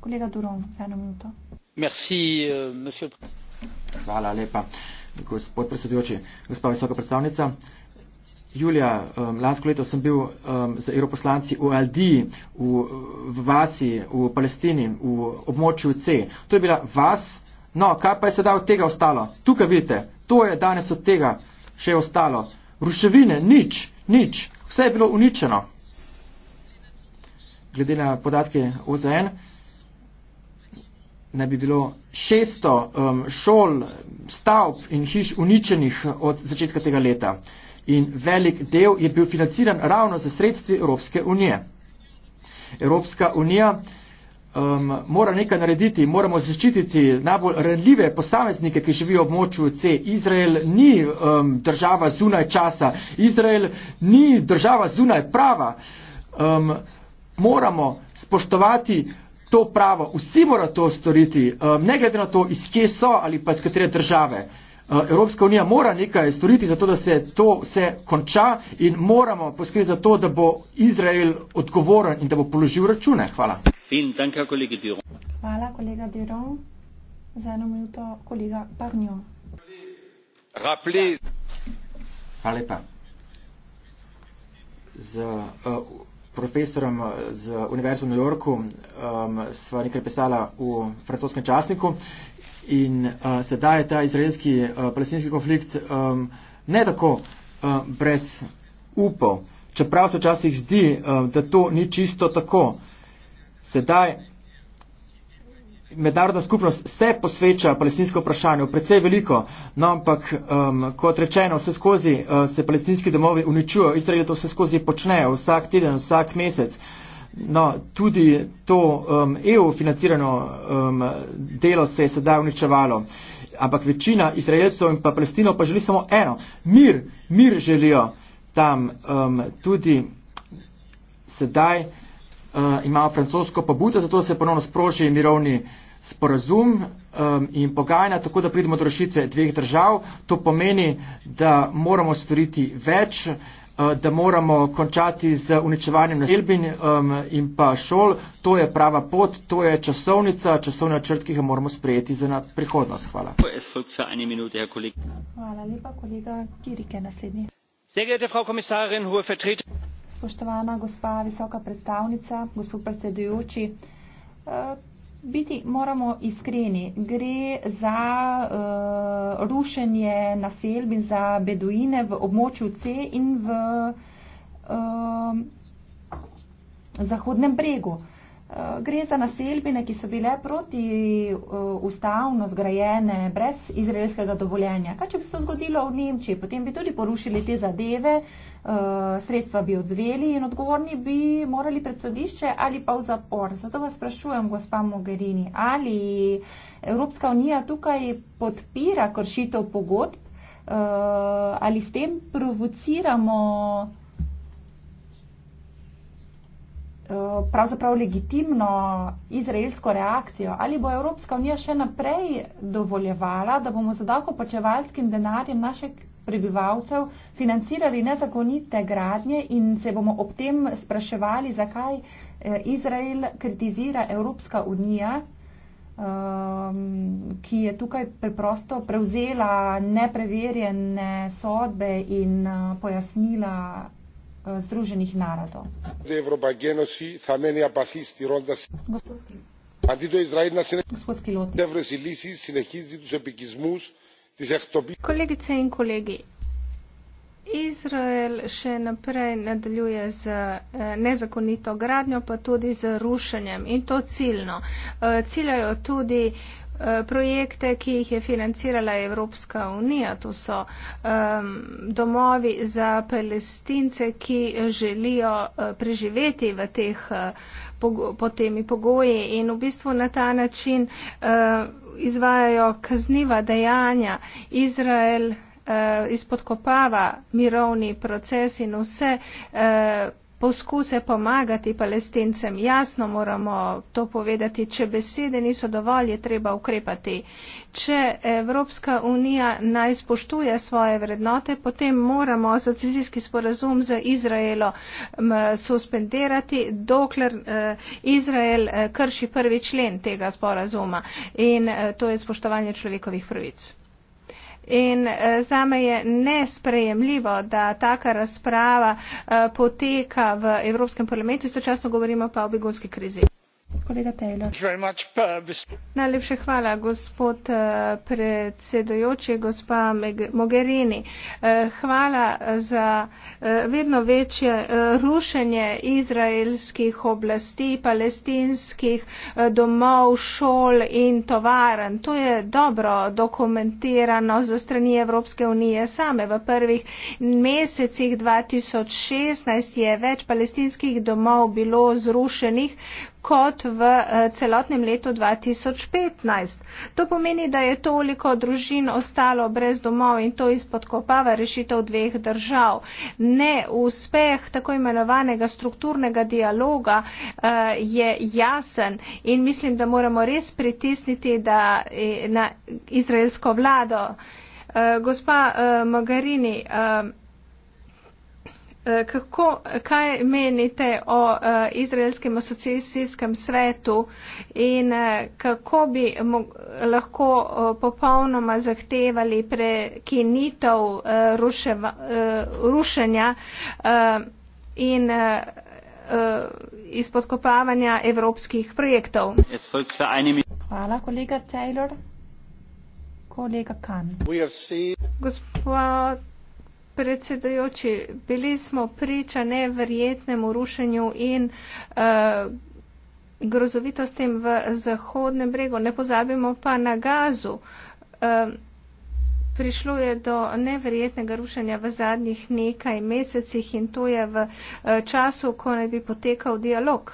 Kolega Duron, za eno minuto. Euh, Hvala lepa, gospod predsedujoči. Gospa visoka predstavnica, julija um, lansko leto sem bil um, z europoslanci v Aldiji, v, v vasi, v Palestini, v območju C. To je bila vas. No, kaj pa je sedaj od tega ostalo? Tukaj vidite, to je danes od tega še ostalo. Ruševine, nič, nič, vse je bilo uničeno. Glede na podatke OZN naj bi bilo 600 um, šol, stavb in hiš uničenih uh, od začetka tega leta. In velik del je bil financiran ravno za sredstvi Evropske unije. Evropska unija um, mora nekaj narediti, moramo zaščititi najbolj ranljive posameznike, ki živijo v območju C. Izrael ni um, država zunaj časa, Izrael ni država zunaj prava. Um, moramo spoštovati to pravo, vsi mora to storiti, eh, ne glede na to, iz kje so ali pa iz katere države. Eh, Evropska unija mora nekaj storiti za to, da se to vse konča in moramo poskrbeti za to, da bo Izrael odgovoren in da bo položil račune. Hvala. Danke, kolega Hvala, kolega Diro. Za eno minuto, kolega Parnjo. Rapli. Hvala lepa. Z, uh, profesorom eh, z Univerzo v New Yorku um, sva nekaj pisala v francoskem časniku in uh, sedaj je ta izraelski uh, palestinski konflikt um, ne tako uh, brez upov, čeprav se včasih zdi, uh, da to ni čisto tako. Sedaj mednarodna skupnost se posveča palestinsko vprašanje, predvsej veliko, no ampak um, kot rečeno, vse skozi uh, se palestinski domovi uničujo, Izraeli to vse skozi počnejo, vsak teden, vsak mesec. No, tudi to um, EU financirano um, delo se je sedaj uničevalo. Ampak večina Izraelcev in pa Palestino pa želi samo eno. Mir, mir želijo tam. Um, tudi sedaj uh, imajo francosko pobudo, zato se ponovno sproži mirovni uh, sporazum um, in pogajanja, tako da pridemo do rešitve dveh držav. To pomeni, da moramo storiti več, uh, da moramo končati z uničevanjem naselbin um, in pa šol. To je prava pot, to je časovnica, časovna črt, ki jo moramo sprejeti za prihodnost. Hvala. Hvala lepa, kolega Kirike, naslednji. Spoštovana gospa visoka predstavnica, gospod predsedujoči, eh, biti, moramo iskreni, gre za uh, rušenje naselb in za beduine v območju C in v uh, zahodnem bregu. Uh, Eh, gre za naselbine, ki so bile proti eh, ustavno zgrajene brez izraelskega dovoljenja. Kaj, če bi se to zgodilo v Nemčiji, potem bi tudi porušili te zadeve, eh, sredstva bi odzveli in odgovorni bi morali pred sodišče ali pa v zapor. Zato vas sprašujem, gospa Mogherini, ali Evropska unija tukaj podpira kršitev pogodb ali s tem provociramo Eh, pravzaprav legitimno izraelsko reakcijo, ali bo Evropska unija še naprej dovoljevala, da bomo z davkoplačevalskim denarjem našeg prebivalcev financirali nezakonite gradnje in se bomo ob tem spraševali, zakaj eh, Izrael kritizira Evropska unija, ehm, ki je tukaj preprosto prevzela nepreverjene sodbe in eh, pojasnila Eh, Združenih narodov. Kolegice in kolegi, Izrael še naprej nadaljuje z eh, nezakonito gradnjo, pa tudi z rušenjem in to ciljno. Eh, ciljajo tudi Eh, projekte, ki jih je financirala Evropska unija. To so um, domovi za palestince, ki želijo uh, preživeti v teh uh, pod temi pogoji in v bistvu na ta način uh, izvajajo kazniva dejanja. Izrael uh, izpodkopava mirovni proces in vse uh, poskuse pomagati palestincem. Jasno moramo to povedati, če besede niso dovolj, je treba ukrepati. Če Evropska unija naj spoštuje svoje vrednote, potem moramo asocijski sporazum z Izraelom suspendirati, dokler eh, Izrael eh, krši prvi člen tega sporazuma. In eh, to je spoštovanje človekovih pravic. In eh, za me je nesprejemljivo, da taka razprava eh, poteka v Evropskem parlamentu, istočasno govorimo pa o begunski krizi. Uh, Najlepša hvala, gospod uh, predsedojoči, gospa Mogherini. Uh, hvala za vedno večje rušenje izraelskih oblasti, palestinskih domov, šol in tovaren. To je dobro dokumentirano za strani Evropske unije same. V prvih mesecih 2016 je več palestinskih domov bilo zrušenih, kot v eh, celotnem letu 2015. To pomeni, da je toliko družin ostalo brez domov in to izpodkopava rešitev dveh držav. Ne uspeh tako imenovanega strukturnega dialoga eh, je jasen in mislim, da moramo res pritisniti da, eh, na izraelsko vlado. Gospa Mogherini, Eh, kako, kaj menite o eh, Izraelskem asociacijskem svetu in eh, kako bi lahko popolnoma zahtevali prekinitev rušenja in izpodkopavanja evropskih projektov? Hvala, kolega Taylor. Kolega Kahn. Gospod predsedujoči, bili smo priča neverjetnemu rušenju in uh, grozovitostim v Zahodnem bregu. Ne pozabimo pa na gazu. Uh, prišlo je do neverjetnega rušenja v zadnjih nekaj mesecih in to je v uh, času, ko naj bi potekal dialog.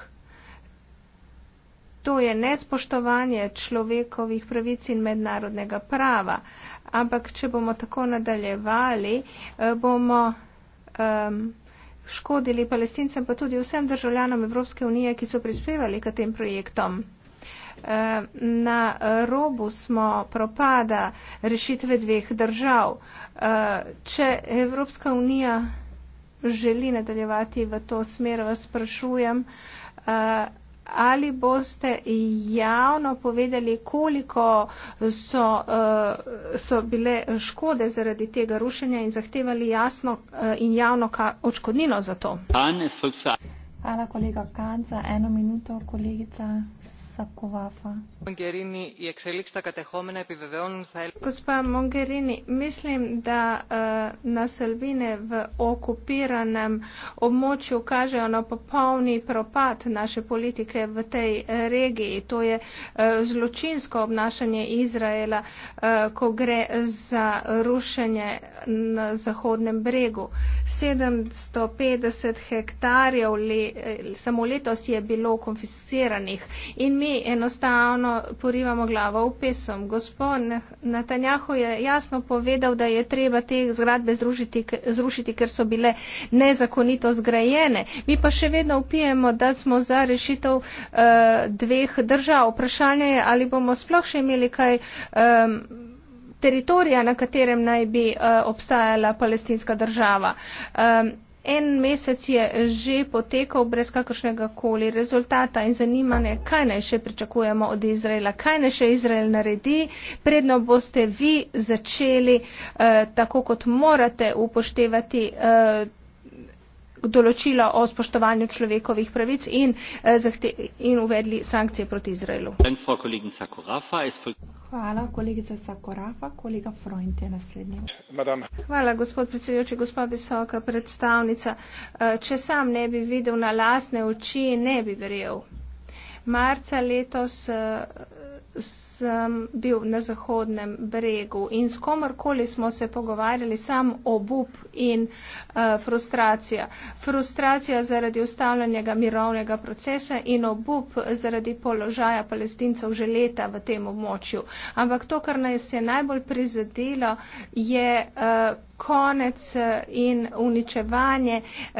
To je nespoštovanje človekovih pravic in mednarodnega prava. Uh, ampak če bomo tako nadaljevali, eh, bomo um, škodili palestincem, pa tudi vsem državljanom Evropske unije, ki so prispevali k tem projektom. Na robu smo propada rešitve dveh držav. Eh, če Evropska unija želi nadaljevati v to smer, vas sprašujem, eh, ali boste javno povedali, koliko so, eh, so bile škode zaradi tega rušenja in zahtevali jasno eh, in javno odškodnino za to. Hvala, kolega Kanca. Eno minuto, kolegica gospa mogherini mislim da eh, naselbine v okupiranem območju kažejo na popolni propad naše politike v tej eh, regiji to je eh, zločinsko obnašanje izraela ko gre za rušenje na zahodnem bregu sedemsto petdeset hektarjev le, samo letos je bilo konfisciranih in mi mi enostavno porivamo glavo v pesom. Gospod Natanjahu je jasno povedal, da je treba te zgradbe zrušiti, zrušiti, ker so bile nezakonito zgrajene. Mi pa še vedno upijemo, da smo za rešitev uh, dveh držav. Vprašanje je, ali bomo sploh še imeli kaj. Um, teritorija, na katerem naj bi uh, obstajala palestinska država. Um, En mesec je že potekal brez kakršnega koli rezultata in zanimanje, kaj naj še pričakujemo od Izraela, kaj naj še Izrael naredi, predno boste vi začeli eh, tako, kot morate upoštevati. Eh, določila o spoštovanju človekovih pravic in, eh, zahte, in uvedli sankcije proti Izraelu. Hvala, kolegica Sakorafa. Kolega Freund je naslednji. Hvala, gospod predsedujoči, gospa visoka predstavnica. Eh, če sam ne bi videl na lasne oči, ne bi verjel. Marca letos eh, sem bil na zahodnem bregu in s komorkoli smo se pogovarjali, sam obup in uh, frustracija. Frustracija zaradi ustavljanja mirovnega procesa in obup zaradi položaja palestincev že leta v tem območju. Ampak to, kar nas je najbolj prizadelo, je uh, konec eh, in uničevanje uh,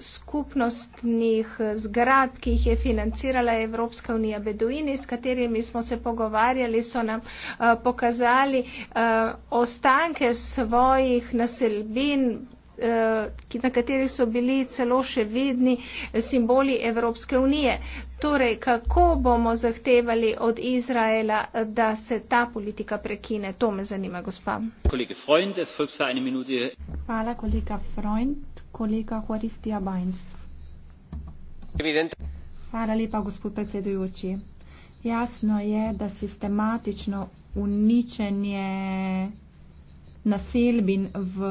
skupnostnih zgrad, ki jih je financirala Evropska unija Beduini, s katerimi smo se pogovarjali, so nam eh, pokazali eh, ostanke svojih naselbin, eh, na katerih so bili celo še vidni simboli Evropske unije. Torej, kako bomo zahtevali od Izraela, da se ta politika prekine? To me zanima, gospa. Hvala, kolega Freund. Kolega Horistija Bajns. Hvala lepa, gospod predsedujoči. Jasno je, da sistematično uničenje naselbin v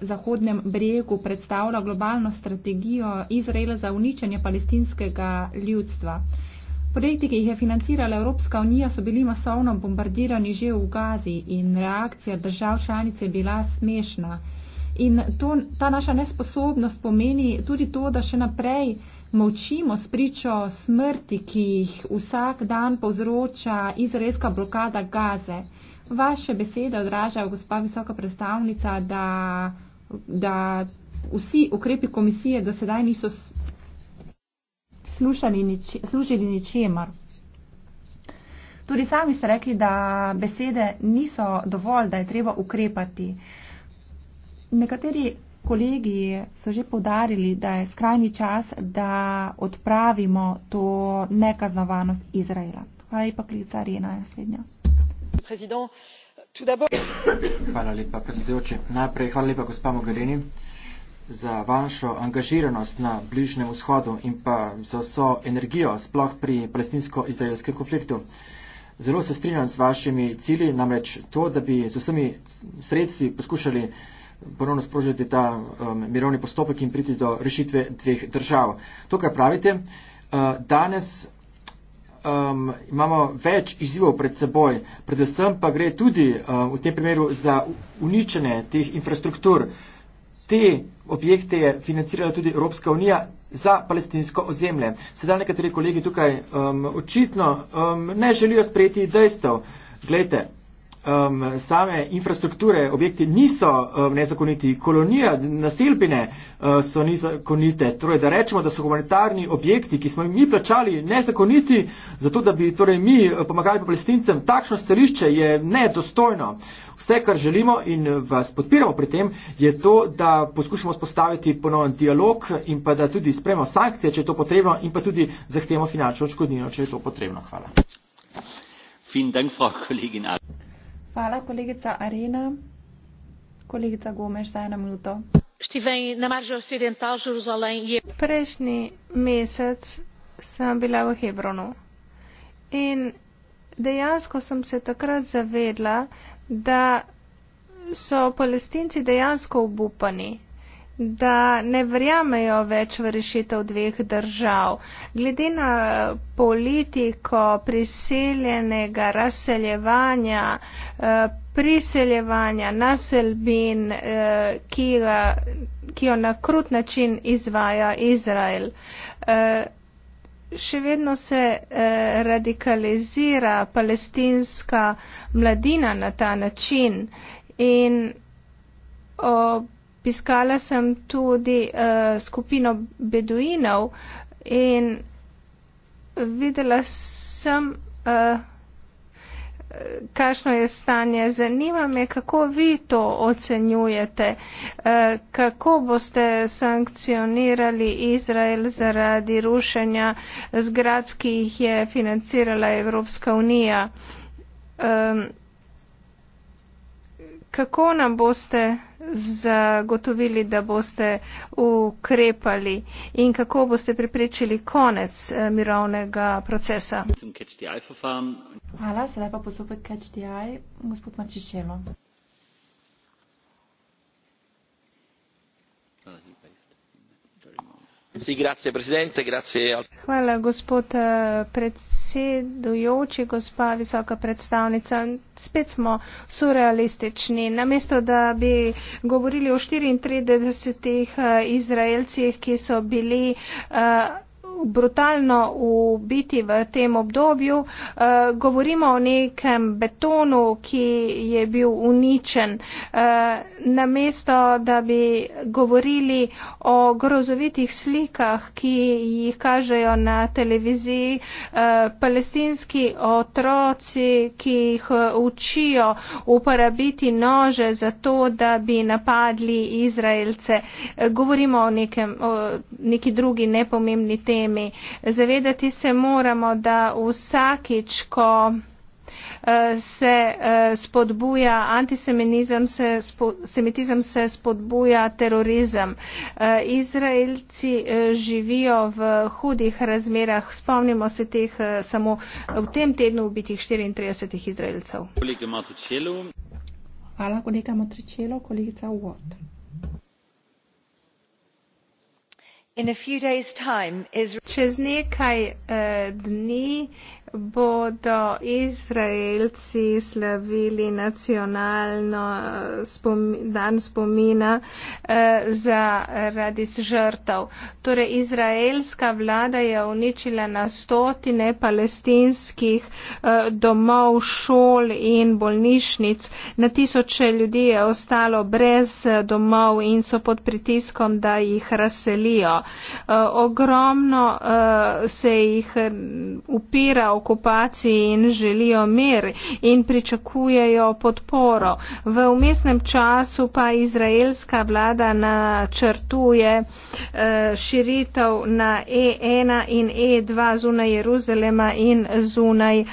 Zahodnem bregu predstavlja globalno strategijo Izraela za uničenje palestinskega ljudstva. Projekti, ki jih je financirala Evropska unija, so bili masovno bombardirani že v Gazi in reakcija držav članice je bila smešna. In to, ta naša nesposobnost pomeni tudi to, da še naprej Močimo spričo smrti, ki jih vsak dan povzroča izraelska blokada gaze. Vaše besede odražajo, gospa visoka predstavnica, da, da vsi ukrepi komisije do sedaj niso nič, služili ničemer. Tudi sami ste rekli, da besede niso dovolj, da je treba ukrepati. Nekateri Kolegi so že podarili, da je skrajni čas, da odpravimo to nekaznovanost Izraela. Hvala lepa, klica Rena, naslednja. Hvala lepa, predsedujoči. Najprej hvala lepa, gospa Mogherini, za vašo angažiranost na Bližnem vzhodu in pa za vso energijo, sploh pri palestinsko-izraelskem konfliktu. Zelo se strinjam z vašimi cilji, namreč to, da bi z vsemi sredstvi poskušali ponovno sprožiti ta um, mirovni postopek in priti do rešitve dveh držav. To, kar pravite, uh, danes um, imamo več izzivov pred seboj, predvsem pa gre tudi uh, v tem primeru za uničene teh infrastruktur. Te objekte je financirala tudi Evropska unija za palestinsko ozemlje. Sedaj nekateri kolegi tukaj um, očitno um, ne želijo sprejeti dejstev. Glejte, um, same infrastrukture, objekti niso um, nezakoniti, kolonija, naselbine uh, so nezakonite. Torej, da rečemo, da so humanitarni objekti, ki smo jih mi plačali, nezakoniti, zato da bi torej, mi eh, pomagali palestincem, takšno stališče je nedostojno. Vse, kar želimo in vas podpiramo pri tem, je to, da poskušamo spostaviti ponovno dialog in pa da tudi spremo sankcije, če je to potrebno in pa tudi zahtemo finančno odškodnino, če je to potrebno. Hvala. Vielen Dank, Frau Kollegin Adler. Hvala, kolegica Arena. Kolegica Gomeš, za eno minuto. E- Prejšnji mesec sem bila v Hebronu in dejansko sem se takrat zavedla, da so palestinci dejansko obupani, da ne verjamejo več v rešitev dveh držav. Glede na eh, politiko priseljenega razseljevanja, eh, priseljevanja naselbin, eh, ki, ki jo na krut način izvaja Izrael, še vedno se radikalizira palestinska mladina na ta način in ob Piskala sem tudi uh, skupino beduinov in videla sem, uh, kakšno je stanje. Zanima me, kako vi to ocenjujete, uh, kako boste sankcionirali Izrael zaradi rušenja zgrad, ki jih je financirala Evropska unija. Um, kako nam boste zagotovili, da boste ukrepali in kako boste pripričali konec eh, mirovnega procesa? Hvala, sedaj pa postopek Catch the Eye, gospod Marčičelo. Hvala, gospod eh, predsedujoči, gospa visoka predstavnica. Spet smo surrealistični. Namesto, da bi govorili o 34 eh, izraelcih, ki so bili. Uh, brutalno ubiti v tem obdobju. E, govorimo o nekem betonu, ki je bil uničen. E, namesto, da bi govorili o grozovitih slikah, ki jih kažejo na televiziji, e, palestinski otroci, ki jih učijo uporabiti nože za to, da bi napadli Izraelce. E, govorimo o, nekem, o neki drugi nepomembni temi temi. Zavedati se moramo, da vsakič, ko eh, se eh, spodbuja antisemitizem, se, spod, semitizem se spodbuja terorizem. Eh, Izraelci živijo v hudih razmerah. Spomnimo se teh samo v tem tednu ubitih 34 Izraelcev. Hvala, kolega Matričelo, kolegica Uvod in a few days' time israel bodo Izraelci slavili nacionalno eh, spomin, dan spomina eh, zaradi žrtav. Torej, izraelska vlada je uničila na stotine palestinskih eh, domov, šol in bolnišnic. Na tisoče ljudi je ostalo brez eh, domov in so pod pritiskom, da jih razselijo. Eh, ogromno eh, se jih upira v okupaciji in želijo mir in pričakujejo podporo. V umestnem času pa izraelska vlada načrtuje eh, širitev na E1 in E2 zunaj Jeruzalema in zunaj um,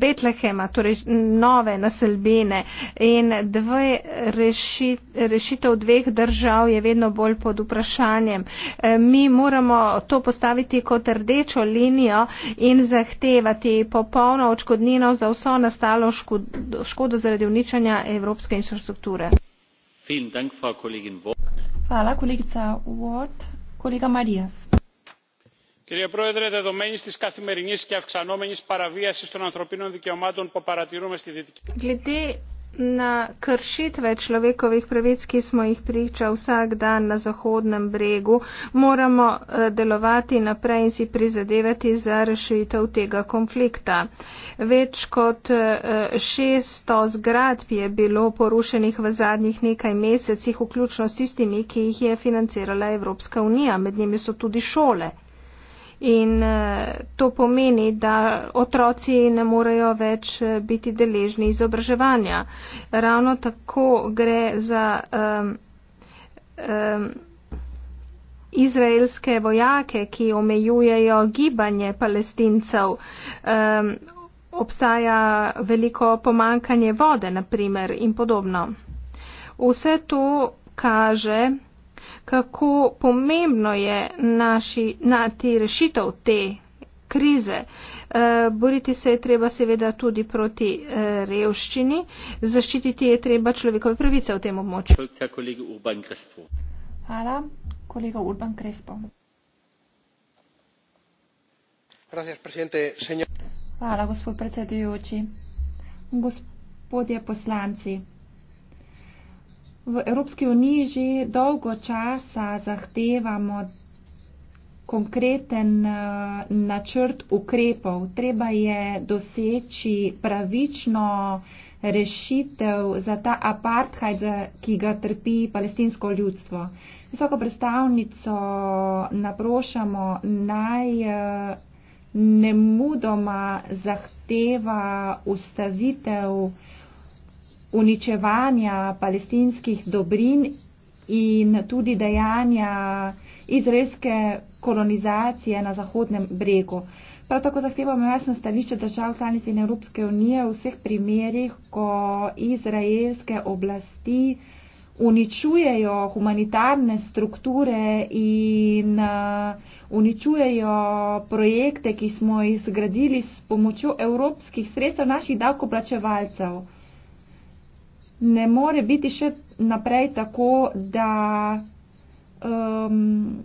Betlehema, torej nove naselbine. In dve reši, rešitev dveh držav je vedno bolj pod vprašanjem. Eh, mi moramo to postaviti kot rdečo linijo in zahtevati, zahtevati popolno očkodnino za vso nastalo škodo, škodo zaradi uničanja evropske infrastrukture. Hvala, kolegica Ward. Kolega Marijas. Κύριε Πρόεδρε, δεδομένη τη καθημερινή και αυξανόμενη παραβίαση των ανθρωπίνων δικαιωμάτων που παρατηρούμε στη Δυτική. Γλυτή na kršitve človekovih pravic, ki smo jih priča vsak dan na Zahodnem bregu, moramo eh, delovati naprej in si prizadevati za rešitev tega konflikta. Več kot 600 eh, zgradb je bilo porušenih v zadnjih nekaj mesecih, vključno s tistimi, ki jih je financirala Evropska unija, med njimi so tudi šole. In eh, to pomeni, da otroci ne morejo več eh, biti deležni izobraževanja. Ravno tako gre za um, um, izraelske vojake, ki omejujejo gibanje palestincev. Um, obstaja veliko pomankanje vode, naprimer, in podobno. Vse to kaže, kako pomembno je naši, na ti rešitev te krize. Eh, boriti se je treba seveda tudi proti eh, revščini, zaščititi je treba človekove pravice v tem območju. Hvala, kolega Urban Krespo. Hvala, kolega Urban Krespo. Hvala, gospod predsedujoči. Gospodje poslanci. V Evropski uniji že dolgo časa zahtevamo konkreten eh, načrt ukrepov. Treba je doseči pravično rešitev za ta apartheid, ki ga trpi palestinsko ljudstvo. Visoko predstavnico naprošamo naj eh, nemudoma zahteva ustavitev uničevanja palestinskih dobrin in tudi dejanja izraelske kolonizacije na Zahodnem bregu. Prav tako zahtevamo jasno stališče držav članic in Evropske unije v vseh primerjih, ko izraelske oblasti uničujejo humanitarne strukture in uh, uničujejo projekte, ki smo jih zgradili s pomočjo evropskih sredstev naših davkoplačevalcev ne more biti še naprej tako, da um,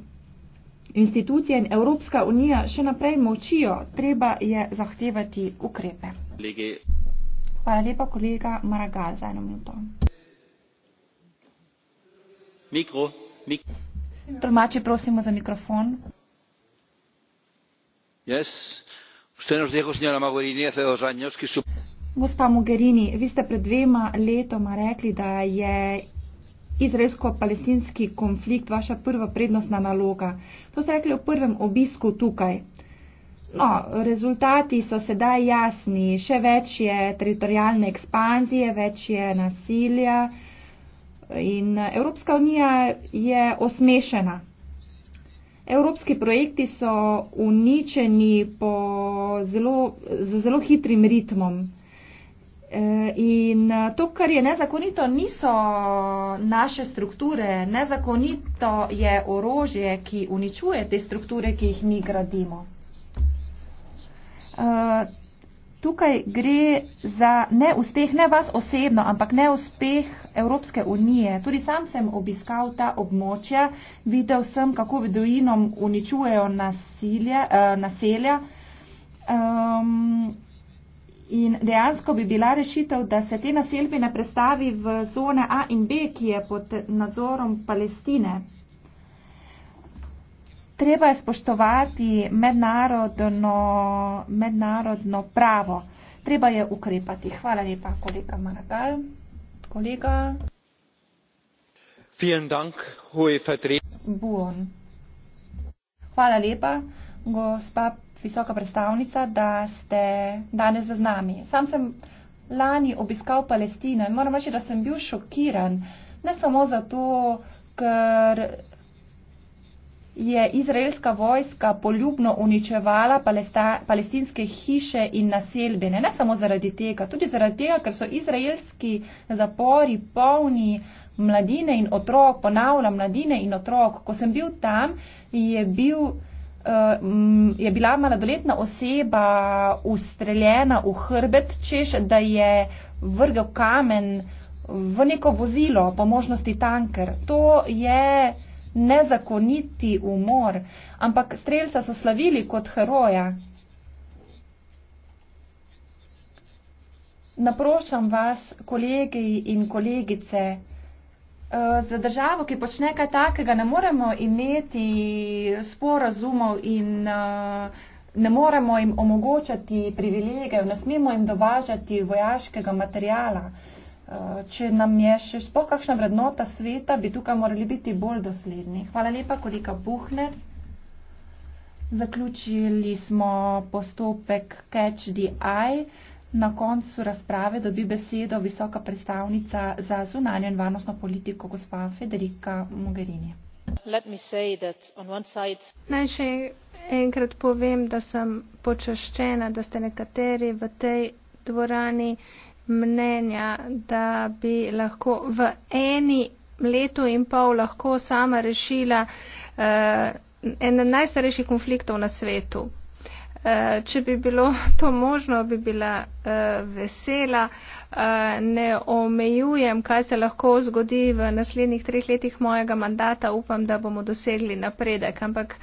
institucije in Evropska unija še naprej močijo. Treba je zahtevati ukrepe. Lige. Hvala lepa, kolega Maragal, za eno minuto. Mikro, mik Tolmači, prosimo za mikrofon. Yes. Usted nos dijo, señora Mogherini, hace dos años que su. Gospa Mogherini, vi ste pred dvema letoma rekli, da je izraelsko-palestinski konflikt vaša prva prednostna naloga. To ste rekli v prvem obisku tukaj. No, rezultati so sedaj jasni. Še več je teritorijalne ekspanzije, več je nasilja in Evropska unija je osmešena. Evropski projekti so uničeni zelo, z zelo hitrim ritmom. Eh, in eh, to, kar je nezakonito, niso naše strukture. Nezakonito je orožje, ki uničuje te strukture, ki jih mi gradimo. Eh, tukaj gre za neuspeh, ne vas osebno, ampak neuspeh Evropske unije. Tudi sam sem obiskal ta območja, videl sem, kako vidojinom uničujejo nasilje, naselja. Ehm, In dejansko bi bila rešitev, da se te naselbine prestavi v zone A in B, ki je pod nadzorom Palestine. Treba je spoštovati mednarodno, mednarodno pravo. Treba je ukrepati. Hvala lepa, kolega Maragal. Kolega. Dank, Buon. Hvala lepa, gospa visoka predstavnica, da ste danes z nami. Sam sem lani obiskal Palestino in moram reči, da sem bil šokiran. Ne samo zato, ker je izraelska vojska poljubno uničevala palesta, palestinske hiše in naselbene. Ne samo zaradi tega, tudi zaradi tega, ker so izraelski zapori polni mladine in otrok, ponavljam, mladine in otrok. Ko sem bil tam, je bil Eh, je bila mladoletna oseba ustreljena v hrbet, češ da je vrgel kamen v neko vozilo, po možnosti tanker. To je nezakoniti umor, ampak streljca so slavili kot heroja. Naprošam vas, kolegi in kolegice, Eh, za državo, ki počne kaj takega, ne moremo imeti sporazumov in eh, ne moremo jim omogočati privilegijev, ne smemo jim dovažati vojaškega materijala. Eh, če nam je še spoh kakšna vrednota sveta, bi tukaj morali biti bolj dosledni. Hvala lepa, kolika Buhner. Zaključili smo postopek Catch the Eye. Na koncu razprave dobi besedo visoka predstavnica za zunanjo in varnostno politiko, gospa Federica Mogherini. Naj še enkrat povem, da sem počaščena, da ste nekateri v tej dvorani mnenja, da bi lahko v eni letu in pol lahko sama rešila uh, en najstarejših konfliktov na svetu. Eh, če bi bilo to možno, bi bila eh, vesela. Eh, ne omejujem, kaj se lahko zgodi v naslednjih treh letih mojega mandata. Upam, da bomo dosegli napredek, ampak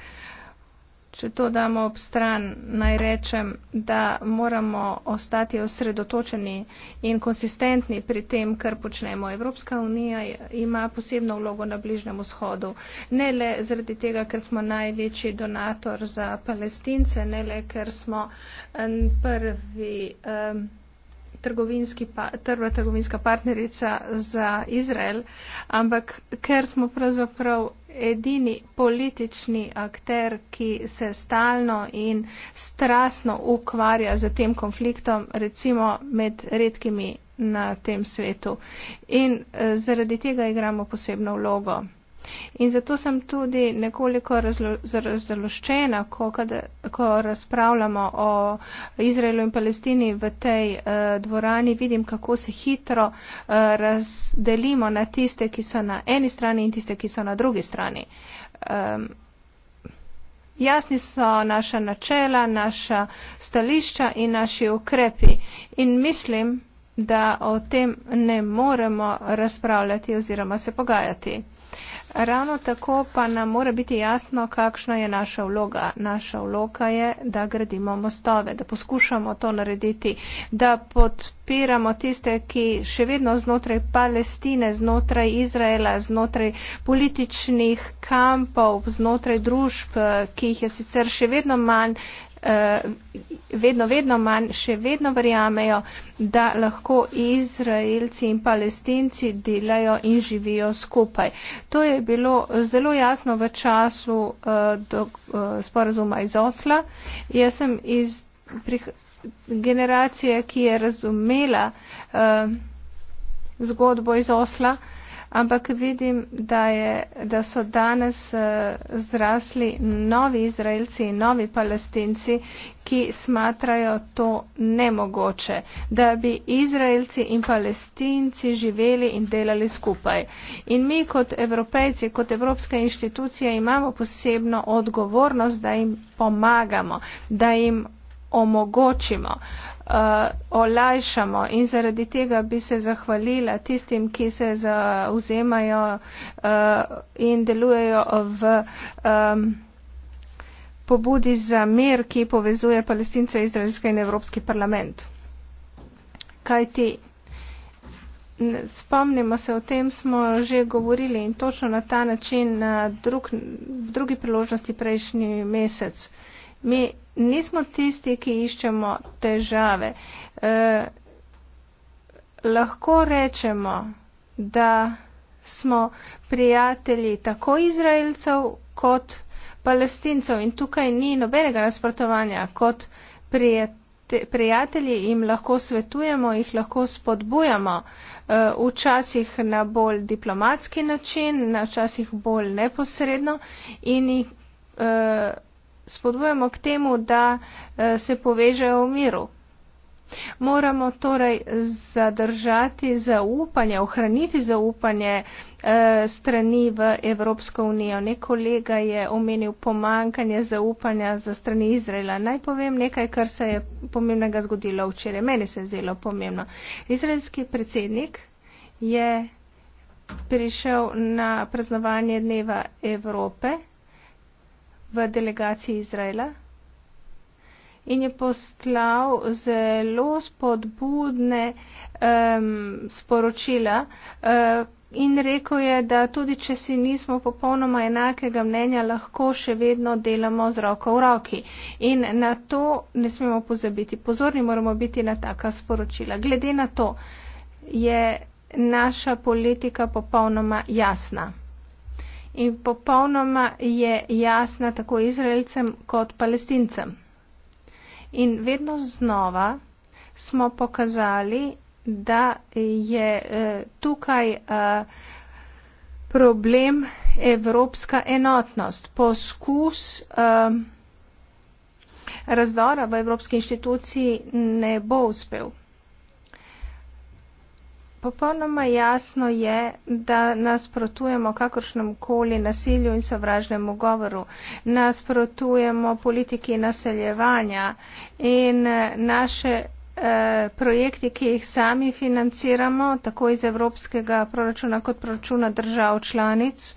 Če to damo ob stran, naj rečem, da moramo ostati osredotočeni in konsistentni pri tem, kar počnemo. Evropska unija ima posebno vlogo na Bližnjem vzhodu. Ne le zaradi tega, ker smo največji donator za palestince, ne le, ker smo eh, prvi. Um, trgovinski, prva trgovinska partnerica za Izrael, ampak ker smo pravzaprav edini politični akter, ki se stalno in strastno ukvarja z tem konfliktom, recimo med redkimi na tem svetu. In eh, zaradi tega igramo posebno vlogo. In zato sem tudi nekoliko razdaloščena, ko, ko razpravljamo o Izraelu in Palestini v tej uh, dvorani, vidim, kako se hitro uh, razdelimo na tiste, ki so na eni strani in tiste, ki so na drugi strani. Um, Jasni so naša načela, naša stališča in naši ukrepi. In mislim, da o tem ne moremo razpravljati oziroma se pogajati ravno tako pa nam mora biti jasno, kakšna je naša vloga. Naša vloga je, da gradimo mostove, da poskušamo to narediti, da podpiramo tiste, ki še vedno znotraj Palestine, znotraj Izraela, znotraj političnih kampov, znotraj družb, ki jih je sicer še vedno manj, Eh, vedno, vedno manj še vedno verjamejo, da lahko Izraelci in palestinci delajo in živijo skupaj. To je bilo zelo jasno v času eh, do eh, sporazuma iz Osla. Jaz sem iz generacije, ki je razumela zgodbo iz Osla ampak vidim, da, je, da so danes uh, zrasli novi Izraelci in novi Palestinci, ki smatrajo to nemogoče, da bi Izraelci in Palestinci živeli in delali skupaj. In mi kot evropejci, kot evropska inštitucija imamo posebno odgovornost, da jim pomagamo, da jim omogočimo. Uh, uh, olajšamo in zaradi tega bi se zahvalila tistim, ki se zauzemajo uh, in delujejo v. Um, pobudi za mir, ki povezuje palestince, izraelske in evropski parlament. Kaj ti? Spomnimo se, o tem smo že govorili in točno na ta način na drug, drugi priložnosti prejšnji mesec. Uh, Mi nismo tisti, ki iščemo težave. Eh, lahko rečemo, da smo prijatelji tako Izraelcev kot Palestincev in tukaj ni nobenega nasprotovanja. Kot prijate, prijatelji jim lahko svetujemo, jih lahko spodbujamo eh, včasih na bolj diplomatski način, včasih bolj neposredno in jih. Eh, spodbujamo k temu, da eh, se povežejo v miru. Moramo torej zadržati zaupanje, ohraniti zaupanje eh, strani v Evropsko unijo. Nek kolega je omenil pomankanje zaupanja za strani Izraela. Naj povem nekaj, kar se je pomembnega zgodilo včeraj. Meni se je zdelo pomembno. Izraelski predsednik je prišel na praznovanje dneva Evrope v delegaciji Izraela in je poslal zelo spodbudne um, sporočila uh, in rekel je, da tudi če si nismo popolnoma enakega mnenja, lahko še vedno delamo z roko v roki. In na to ne smemo pozabiti. Pozorni moramo biti na taka sporočila. Glede na to je naša politika popolnoma jasna in popolnoma je jasna tako Izraelcem kot Palestincem. In vedno znova smo pokazali, da je eh, tukaj eh, problem evropska enotnost, poskus eh, razdora v evropski inštituciji ne bo uspel. Popolnoma jasno je, da nasprotujemo kakršnem koli nasilju in sovražnemu govoru. Nasprotujemo politiki naseljevanja in eh, naše eh, projekti, ki jih sami financiramo, tako iz evropskega proračuna kot proračuna držav članic,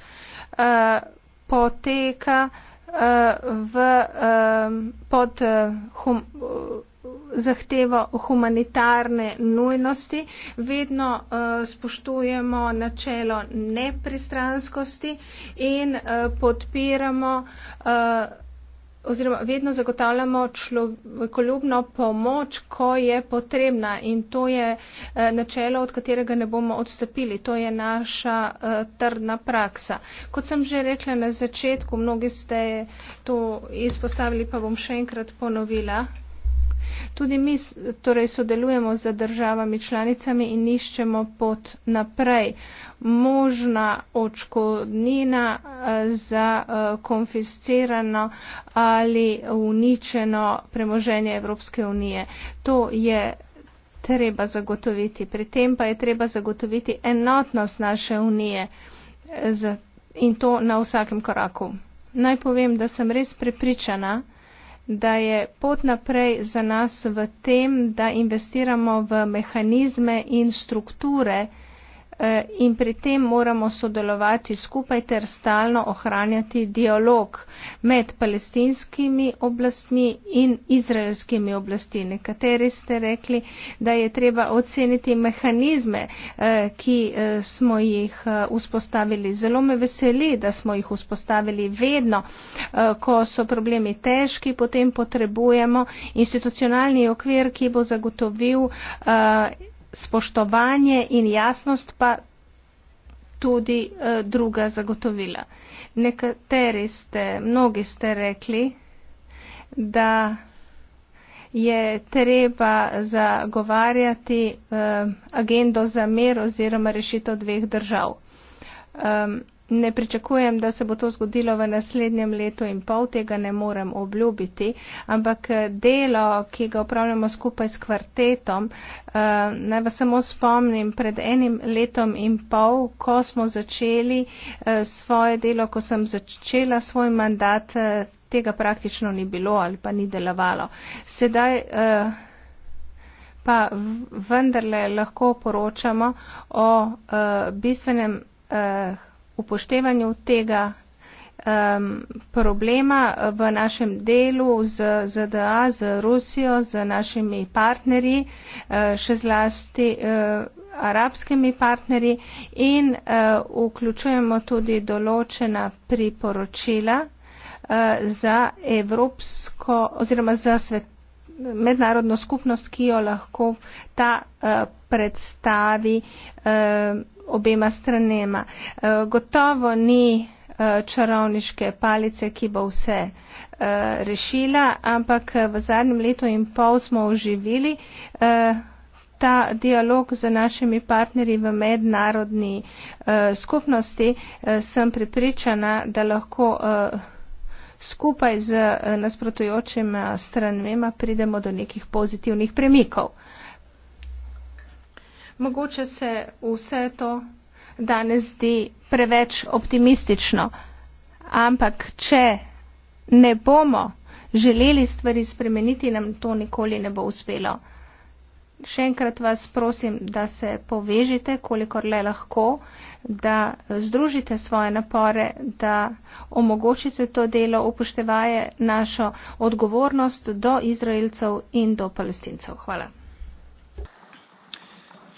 eh, poteka v, pod hum, zahteva humanitarne nujnosti, vedno uh, spoštujemo načelo nepristranskosti in uh, podpiramo uh, oziroma vedno zagotavljamo človekoljubno pomoč, ko je potrebna in to je uh, načelo, od katerega ne bomo odstopili. To je naša uh, trdna praksa. Kot sem že rekla na začetku, mnogi ste to izpostavili, pa bom še enkrat ponovila. Tudi mi torej sodelujemo z državami članicami in niščemo pot naprej. Možna očkodnina eh, za eh, konfiscirano ali uničeno premoženje Evropske unije. To je treba zagotoviti. Pri tem pa je treba zagotoviti enotnost naše unije eh, in to na vsakem koraku. Naj povem, da sem res prepričana, da je pot naprej za nas v tem, da investiramo v mehanizme in strukture, Eh, in pri tem moramo sodelovati skupaj ter stalno ohranjati dialog med palestinskimi oblastmi in izraelskimi oblastmi. Nekateri ste rekli, da je treba oceniti mehanizme, eh, ki eh, smo jih vzpostavili. Zelo me veseli, da smo jih vzpostavili vedno, ko so problemi težki, potem potrebujemo institucionalni okvir, ki bo zagotovil spoštovanje in jasnost pa tudi uh, druga zagotovila. Nekateri ste, mnogi ste rekli, da je treba zagovarjati uh, agendo za mer oziroma rešitev dveh držav. Um, ne pričakujem, da se bo to zgodilo v naslednjem letu in pol, tega ne morem obljubiti, ampak eh, delo, ki ga upravljamo skupaj s kvartetom, eh, naj vas samo spomnim, pred enim letom in pol, ko smo začeli eh, svoje delo, ko sem začela svoj mandat, tega praktično ni bilo ali pa ni delovalo. Sedaj pa vendarle lahko poročamo o bistvenem upoštevanju tega um, problema v našem delu z ZDA, z Rusijo, z našimi partnerji, eh, še zlasti uh, arabskimi partnerji in uh, vključujemo tudi določena priporočila uh, za evropsko oziroma za svet, mednarodno skupnost, ki jo lahko ta uh, predstavi eh, obema stranema. Eh, gotovo ni eh, čarovniške palice, ki bo vse eh, rešila, ampak eh, v zadnjem letu in pol smo oživili eh, ta dialog z našimi partnerji v mednarodni eh, skupnosti. Eh, sem pripričana, da lahko. Eh, skupaj z eh, nasprotujočima stranvema pridemo do nekih pozitivnih premikov. Mogoče se vse to danes zdi preveč optimistično, ampak če ne bomo želeli stvari spremeniti, nam to nikoli ne bo uspelo. Še enkrat vas prosim, da se povežite, kolikor le lahko, da združite svoje napore, da omogočite to delo, upoštevaje našo odgovornost do Izraelcev in do palestincev. Hvala.